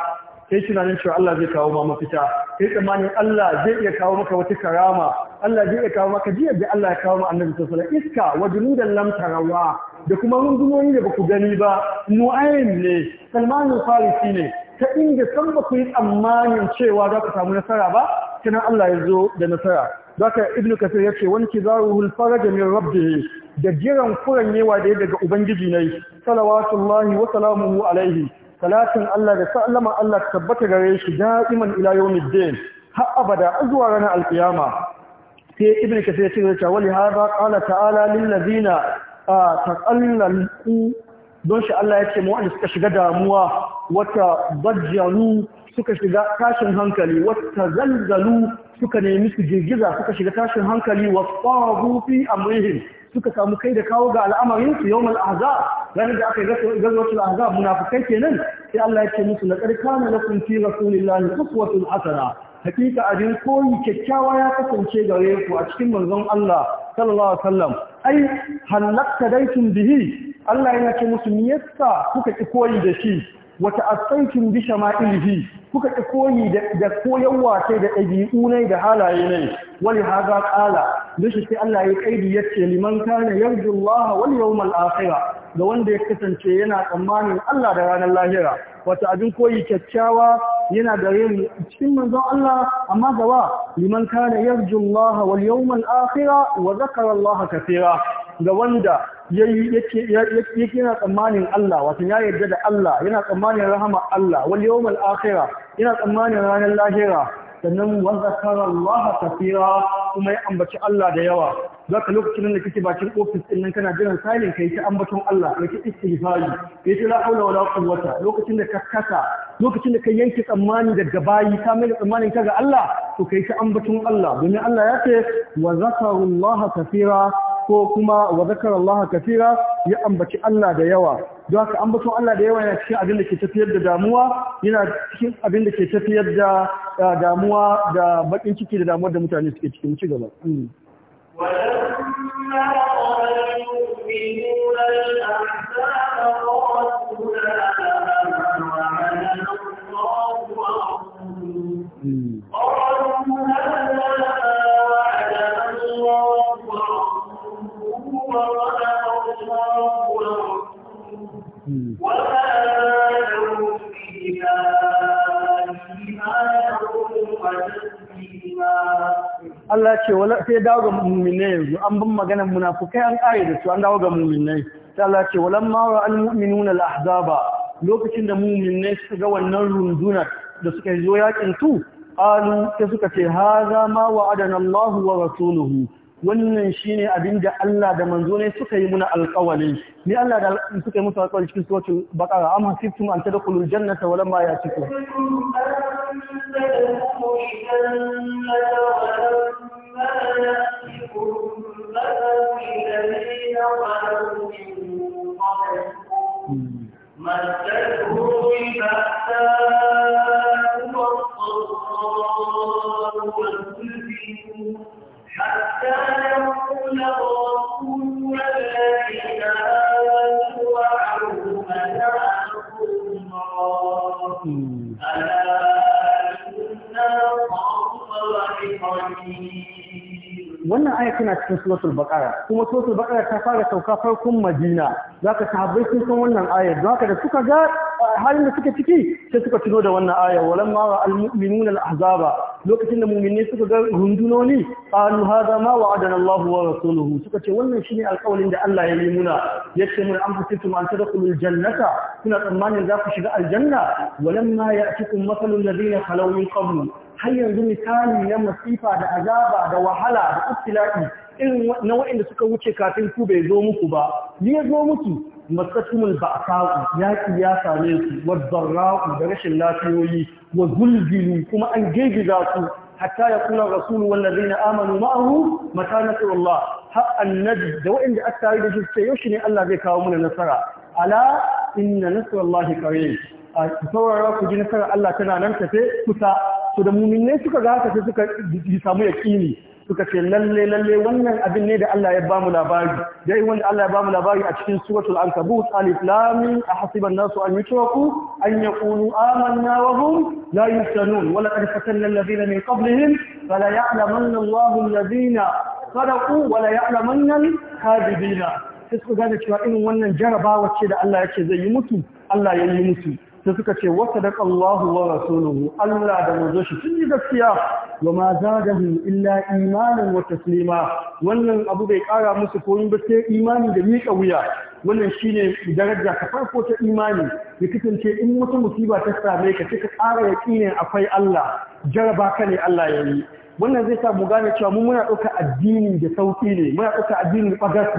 Sai tunanin cewa Allah zai kawo ma mafita Sai tsammanin Allah zai iya kawo maka wata karama Allah zai iya kawo maka jiya da Allah ya kawo ma annabi sallallahu alaihi iska wa junudan lam tarawa da kuma rundunoyi da baku gani ba nu'aym ne Salman Farisi ne ta inda san ba ku yi tsammanin cewa za ku samu nasara ba kina Allah ya zo da nasara zaka ibnu kasir yace wani zaruhul fara faraj min rabbih da jiran kuranyewa da daga ubangiji ne salawatullahi wa salamuhu alaihi salatin Allah da sallama Allah tabbata gare shi da'iman ila yawmiddin har abada zuwa ranar alkiyama sai ibnu kasir yace wa tawali hadha qala ta'ala lil ladina taqallalu don shi Allah yace mu wanda suka shiga damuwa wata bajjanu suka shiga tashin hankali wata zalzalu suka nemi su girgiza suka shiga tashin hankali wa rufi fi amrihim suka samu kai da kawo ga al'amarin su yawmal ahzab ranar da aka gazo su ahzab munafikai kenan sai Allah ya ce musu laqad na lakum fi rasulillahi uswatun hasana hakika abin koyi kyakkyawa ya kasance gare ku a cikin manzon Allah sallallahu alaihi wasallam ai hallakta daikin bihi Allah yana ce musu me yasa kuka ki koyi da shi wata asaikin bi shama'ilihi kuka ki koyi da koyarwa sai da ɗabi'u ne da halaye nai wani haza ƙala da shi sai Allah ya kaidi ya ce liman kana yarju Allah wal yawmal akhir ga wanda ya kasance yana tsammanin Allah da ranar lahira wata abin koyi kyakkyawa yana da yin cikin manzon Allah amma gawa liman kana yarju Allah wal yawmal akhir wa zakara Allah ga wanda yake yana tsammanin Allah wato ya yarda da Allah yana tsammanin rahama Allah wal yawmal akhirah yana tsammanin ranar lahira sannan wa zakara Allah kafira kuma ya ambaci Allah da yawa zaka lokacin da kake bakin office din nan kana jiran silent kai ta ambaton Allah yake istighfari yake la haula wala quwwata lokacin da ka kasa lokacin da ka yanke tsammani daga bayi ka mai tsammanin ka ga Allah to kai ta ambaton Allah domin Allah ya ce wa zakaru Allah kafira ko kuma wa Allah kafira ya ambaci Allah da yawa don haka ambaton Allah da yawa yana cikin abin da ke tafiyar da damuwa yana cikin abin da ke tafiyar da damuwa da bakin ciki da damuwar da mutane suke cikin ci gaba Mm. mm. Allah ce wala sai dawo ga mu'minai yanzu an bin maganar munafukai an kare da su an dawo ga mu'minai sai Allah ce wa al mu'minuna al-ahzaba lokacin da mu'minai suka ga wannan runduna da suka zo yakin tu, qalu sai suka ce haza ma wa'adana Allah wa rasuluhu wannan shine abin da Allah da manzo ne suka yi muna alƙawari. ni Allah da suka yi musu alƙawari cikin suratul baqara amma hasibtum an tadkhulul jannata walamma ya'tikum cikin suratul baqara kuma suratul baqara ta fara sauka farkon madina zaka sahabbai sun san wannan ayar don haka da suka ga halin da suke ciki sai suka tuno da wannan ayar walamma wa almu'minuna al-ahzaba lokacin da mu'minai suka ga rundunoni qalu hadha ma wa'adana Allah wa rasuluhu suka ce wannan shine alƙawarin da Allah ya yi muna yace mun an fasitu man tadkhulul jannata kuna tsammanin za ku shiga aljanna walamma ya'tikum mathalul ladina khalaw min qablu har yanzu misali na masifa da azaba da wahala da ibtila'i irin na waɗanda suka wuce kafin ku bai zo muku ba ni ya zo muku masatumul ba'sa'u yaki ya same su wadzarra'u da rashin lafiyoyi wa zulzilu kuma an girgiza su hatta kula rasulu wal ladina amanu ma'ahu mata nasrullah har annabi da waɗanda aka tare da su sai yaushe ne Allah zai kawo mana nasara ala inna nasrullahi qarib ku saurara ku ji Allah tana nan tafe kusa to da muminai suka ga haka sai suka samu yaqini suka ce lalle lalle wannan abin ne da Allah ya bamu labari dai wanda Allah ya bamu labari a cikin suratul ankabut alif lam a hasiban nasu an yutraku an yaqulu amanna wa hum la yuftanun wa laqad fatanna alladhina min qablihim fala ya'lamanna Allahu alladhina sadaqu wa la ya'lamanna al sai suka gane cewa irin wannan jarabawa ce da Allah ce zai yi mutu Allah ya yi mutu sai suka ce wa sadaqa Allahu wa rasuluhu Allah da manzo shi sun yi gaskiya wa ma zadahum illa imanan wa taslima wannan abu bai kara musu koyin ba sai imani da miƙa wuya wannan shine daraja ta farko ta imani ya ce in wata musiba ta same ka sai ka ƙara akwai Allah jaraba ka ne Allah ya yi wannan zai sa mu gane cewa mu muna ɗauka addini da sauki ne muna ɗauka addini bagas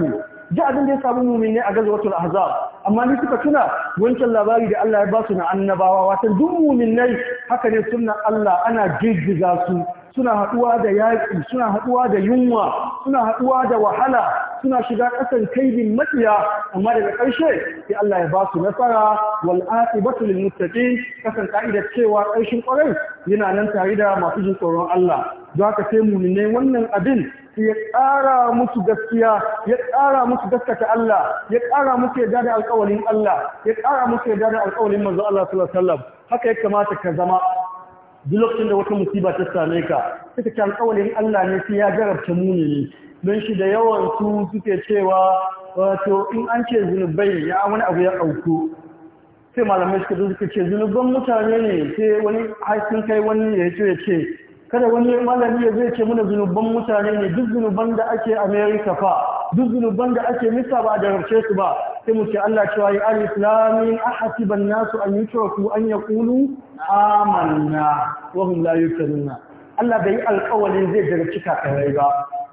ji abin da ya samu mumine a gazawatul ahzab amma ni suka tuna wancan labari da Allah ya ba su na annabawa watan duk muminai haka ne sunnan Allah ana jijjiga su suna haɗuwa da yaƙi suna haɗuwa da yunwa suna haɗuwa da wahala suna shiga ƙasan kaibin matsiya amma daga ƙarshe sai Allah ya ba su nasara wal aqibatu lil muttaqin kasan ka'idar cewa ƙarshen ƙwarai yana nan tare da masu jin tsoron Allah don haka sai ne wannan abin ya ƙara musu gaskiya ya ƙara musu gaskata Allah ya ƙara musu yarda da alƙawarin Allah ya ƙara musu yarda da alƙawarin manzo Allah sallallahu alaihi wasallam haka ya kamata ka zama duk lokacin da wata musiba ta same ka suka ci alƙawarin Allah ne sai ya jarabta muni ne don shi da yawan su suke cewa wato in an ce zunubai ya wani abu ya auku sai malamai suka zo suka ce zunuban mutane ne sai wani haifin kai wani ya ce ya ce kada wani malami ya zai ce mana zunuban mutane ne duk zunuban da ake america fa duk zunuban da ake misa ba da rarce su ba sai mu ce Allah cewa ya al islamin ahasiban nasu an yutraku an kulu. amanna wa hum la yuftanuna Allah bai alƙawarin zai daga cika kai ba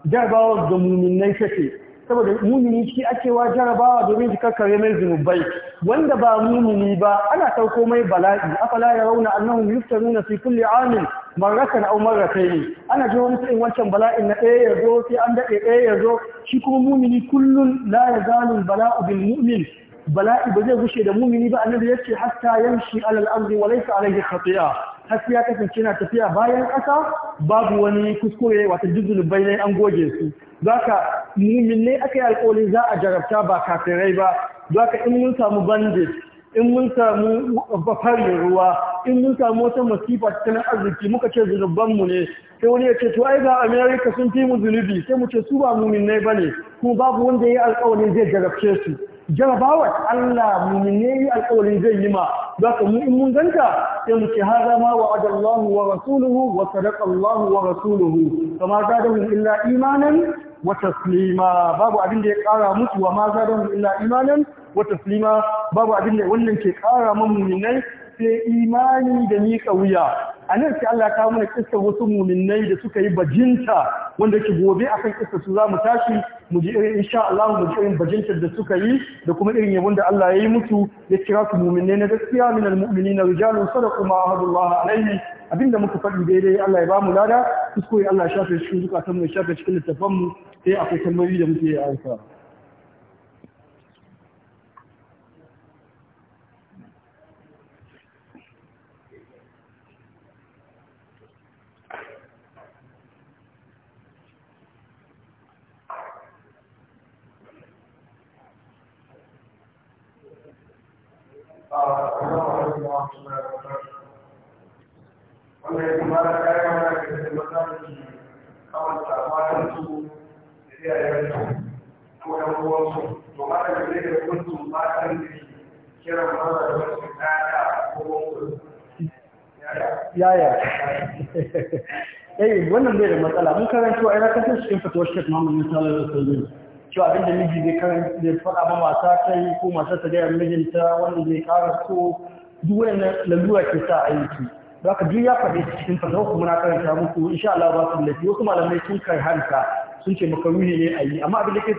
jarabawa ga muminnai take saboda mumini shi ake wa jarabawa domin shi kakkare mai zunubai wanda ba mumini ba ana sauko mai bala'i afala ya rauna annahum yuftanuna fi kulli amin marratan aw marratayn ana ji wani sai wancan bala'in na ɗaya ya zo sai an daɗe ɗaya ya zo shi kuma mumini kullun la yazalu bala'u bil mu'min bala'i ba zai gushe da mumini ba annabi yace hatta yamshi alal ardi wa laysa alayhi khati'a haske ya kasance na tafiya bayan ƙasa babu wani kuskure wata juzulubai ne an goge su Za ka mumin ne aka yi alƙoli za a jarabta ba kafirai ba Za ka in mun samu bandit in mun samu farin ruwa in mun samu wata masifa tattalin arziki muka ce zunuban mu ne sai wani ya ce to ai ga america sun fi mu zunubi sai mu ce su ba mumin ne bane kuma babu wanda ya yi alƙawarin zai jarabce su jarabawar Allah mu ne yi alƙawarin zai yi ma za ka mu in mun ganta sai mu ce haza ma wa adallahu wa rasuluhu wa sadaqa Allah wa rasuluhu kama zadahu illa imanan wa taslima babu abin da ya ƙara musu wa ma zadahu illa imanan wa taslima babu abin da wannan ke ƙara mun mu'minai sai imani da miƙa wuya a nan sai Allah kawo mana kissa wasu muminai da suka yi bajinta wanda ke gobe akan kissa su za mu tashi mu ji irin insha Allah mu ji irin bajinta da suka yi da kuma irin yabon da Allah ya yi mutu ya kira su muminai na gaskiya min na rijalun sadaqu ma ahadullah alaihi abinda muka faɗi daidai Allah ya ba mu lada kuskure Allah ya shafe cikin zukatan mu ya shafe cikin littafan mu sai akwai kalmomi da muke yi a yaya eh wannan bai da matsala mun karanto ai na kasance cikin fatuwar Sheikh Muhammad Musa da ya to abin da miji zai karan zai faɗa ba mata kai ko mata ta gaya mijinta wanda zai kara ko duk na lalura ke sa aiki ba ka duk ya faɗi cikin fasa hukuma na karanta muku insha Allah ba su lafi wasu malamai sun kai hanta sun ce makaruni ne a yi amma abin da ke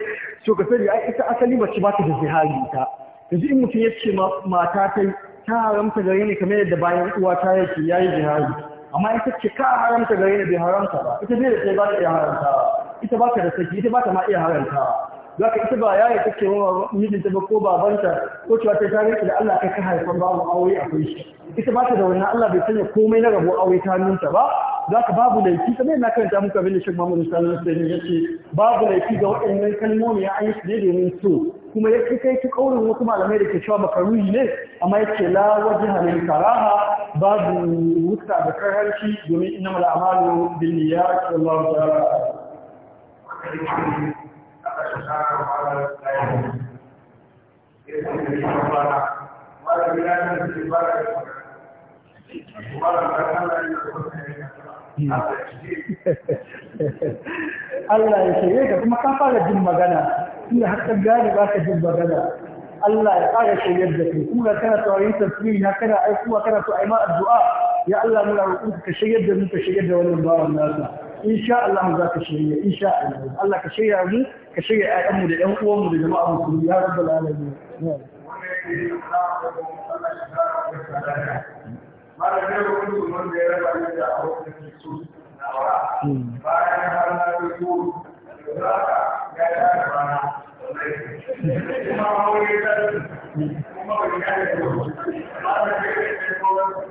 so ka sani ai ita asali mace ba ta da zihari ta yanzu in mutum ya ce mata ta ta haramta gare ni kamar yadda bayan uwa ta yake yayi zihari amma ita ce ka haramta gare ni bai haramta ba ita zai da sai ba ta iya haramta ba ita ba ta da saki ita ba ta ma iya harantawa zaka ita ba yaya take wa mijinta ba ko babanta ko cewa ta tare da Allah kai ka haifan mu aure akwai shi ita ba ta da wannan Allah bai sanya komai na rabo aure ta ta ba zaka babu laifi kamar yana karanta muka bin Sheikh na sai ya ce babu laifi ga waɗannan kalmomi ya ayi ne domin so kuma yake kai ki kaurin wasu malamai da ke cewa makaruhi ne amma yake la wajha lil karaha babu wuta da karanci domin innamal a'malu bin niyyat wallahu ta'ala الله يشيك ما كان قال الجن مغانا هي حتى قال باك الجن مغانا الله يقال يشيك ذكي كما كان توعين تسليم هكذا أي قوة كان توعماء الدعاء يا الله من أرؤوسك شيد من تشيد ولا الناس insha Allah za ka shirya insha Allah Allah ka shirya mu ka shirya mu da ƴan uwanmu da jama'a musulmi ya rabbal alamin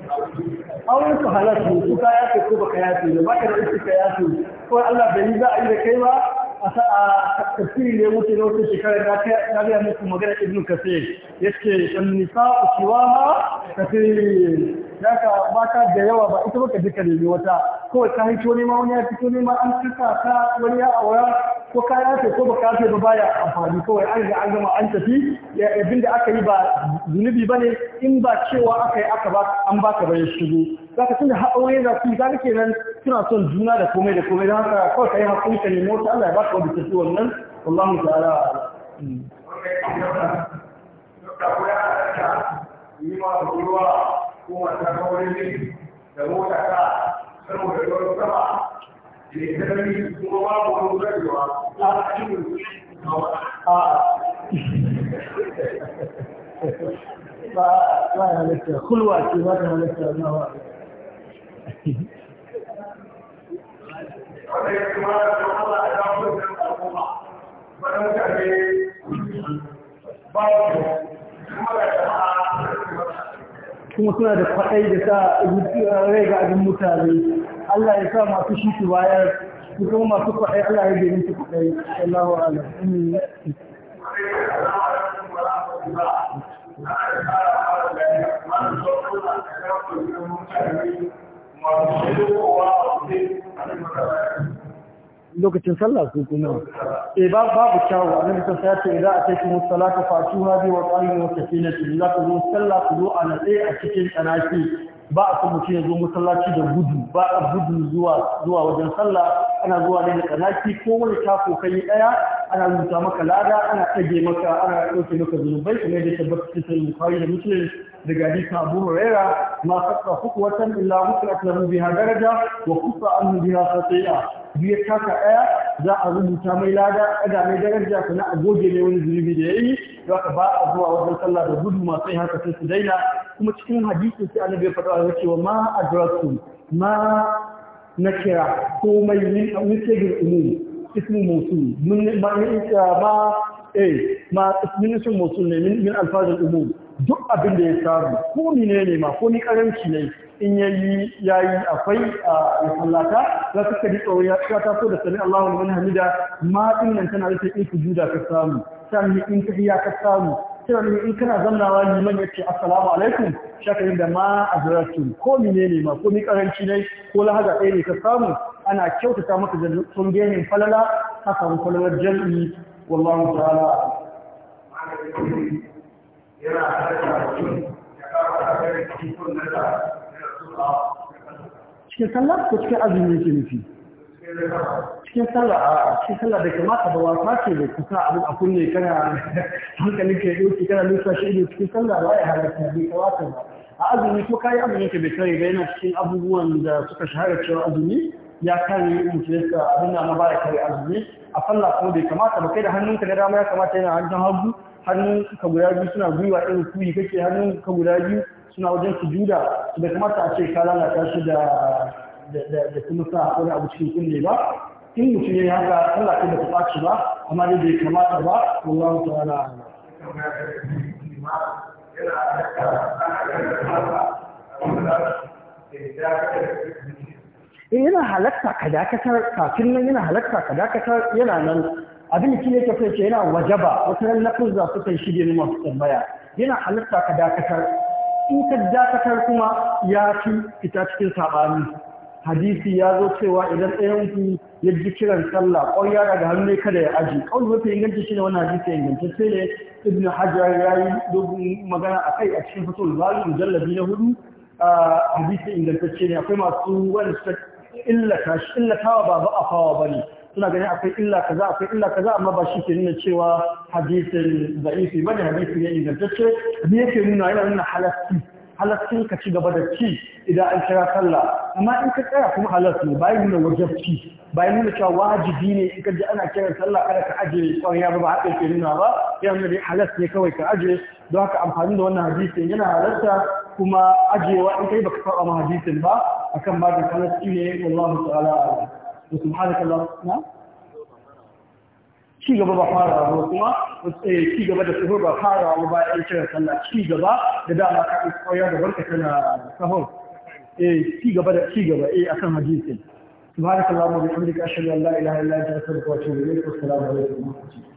Thank you. auren su halas ne su ka yafe ko baka yafe ne baka da iska yafe ko Allah bai yi za a yi da kai ba a tafsiri ne wuce na wata shekara na gaya muku magana ibn kasir ya ce annisa ukiwaha kasir ka baka da yawa ba ita baka duka ne wata kawai ta hito nema wani ya fito nema an kasa wani ya ko kaya ce ko baka ba baya amfani kawai an ga an gama tafi abin da aka yi ba zunubi bane in ba cewa aka yi aka ba an baka bayan za ka tunda haɓaure za su yi kenan suna son juna da komai da komai don haka kawai ka yi haƙuri ka nemo ta Allah ya ka wadda tafi wannan wallahu ta'ala ba a ba ya halitta kulwa ce ba ta halitta na wa'a kuma suna da kwaɗai da sa rai ga abin mutane Allah ya sa masu shi su bayar su kuma masu kwaɗai Allah ya gani su kwaɗai Allahu ala Thank lokacin sallah su kuma e ba babu kyawu annabi ta sai ce idan a taifi musallata fatuha bi wa qali wa sakinati la ku musalla ku zo a a cikin tsanaki ba a san mutum ya zo masallaci da gudu ba a gudu zuwa zuwa wajen sallah ana zuwa ne da tsanaki ko wani tako kai daya ana rubuta maka lada ana tage maka ana dauke maka zunubai kamar da sai mu bukhari da muslim daga hadisin Abu Huraira ma saka hukwatan illa musrat lahu biha daraja wa kufa anhu biha khati'a biya taka ɗaya. za a rubuta mai lada da mai daraja kana a goge ne wani zunubi da yayi to aka ba a zuwa wajen sallah da gudu ma sai haka sai su daina kuma cikin hadisi sai annabi ya faɗa cewa ma adrastum ma ko mai min nusegin umu. ismu mausul mun ma eh, ma eh ma ismu mausul ne min alfazul umum duk abin da ya samu ko ne ne ma ko ni karanci ne in yayi yayi akwai a sallata za ka kadi tsoro ya ta so da sami Allahu wa hamida ma din nan tana da rufe in sujuda ka samu sannan in tahiyya ka samu ne in kana zannawa man yace assalamu alaikum shaka da ma azratu ko ne ne ma ko ni karanci ne ko lahaza ɗaya ne ka samu ana kyautata maka da sun falala haka kuma jam'i wallahu ta'ala Thank you. yana harka mutum ya kama harkar cikin nasa yana tuba cikin sallah ko cikin azumi yake nufi cikin sallah a cikin sallah da kamata ba wasa ce da kusa abin a kunne kana hankali ke ɗauki kana nufa shi ido cikin sallah ba ya halatta bai kamata ba a azumi ko kayi azumin ka bai kai ba yana cikin abubuwan da suka shahara cewa azumi ya kare mutunta abin da na baya kare azumi a sallah kuma bai kamata ba kai da hannunka da dama ya kamata yana hannun hagu hannun ka guda biyu suna gwiwa irin kuyi kake hannun ka guda biyu suna wajen sujuda da kamata a ce ka lalata shi da da kuma sa wani abu cikin kunne ba in mutum ya haka Allah ke da ta ba amma dai bai kamata ba wallahu ta'ala eh, yana halatta ka dakatar kafin nan yana halatta ka dakatar yana nan abin da kine yake ce yana wajaba wata ran lafuzza suka shige ne masu tambaya yana halitta ka dakatar in ka dakatar kuma ya fi fita cikin sabani hadisi ya zo cewa idan ɗayan ku ya ji kiran sallah ƙwarya daga hannu kada ya aji ƙaunar mafi inganci ne wannan hadisi sai ne ibn hajar ya yi dogon magana a kai a cikin fatul zalim mujallabi na hudu hadisi ingantacce ne akwai masu wani suka illata shi illatawa ba ba a fawa ba ne suna ganin akwai illa kaza akwai illa kaza amma ba shi ke nuna cewa hadisin za'ifi bane hadisi ne ingantacce ne yake nuna yana nuna halasci halascin ka ci gaba da ci idan an kira sallah amma in ka tsaya kuma halas ne bayan nuna wajabci bayan nuna cewa wajibi ne in ka ji ana kiran sallah kada ka ajiye kwarya ba ba haka yake nuna ba yana nuna dai halas ne kawai ka ajiye don haka amfani da wannan hadisin yana halarta kuma ajiyewa in kai baka fara ma hadisin ba akan ba da halasci ne wallahu ta'ala subhanaka allahumma ci gaba ba fara ba kuma ci gaba da sahur ba fara ba ba yan cire sallah ci gaba da dama ka koyar da barka tana sahur eh ci gaba da ci gaba eh akan hadisi subhanaka allahumma wa bihamdika ashhadu an la ilaha illa anta astaghfiruka wa atubu ilayk assalamu alaikum wa rahmatullahi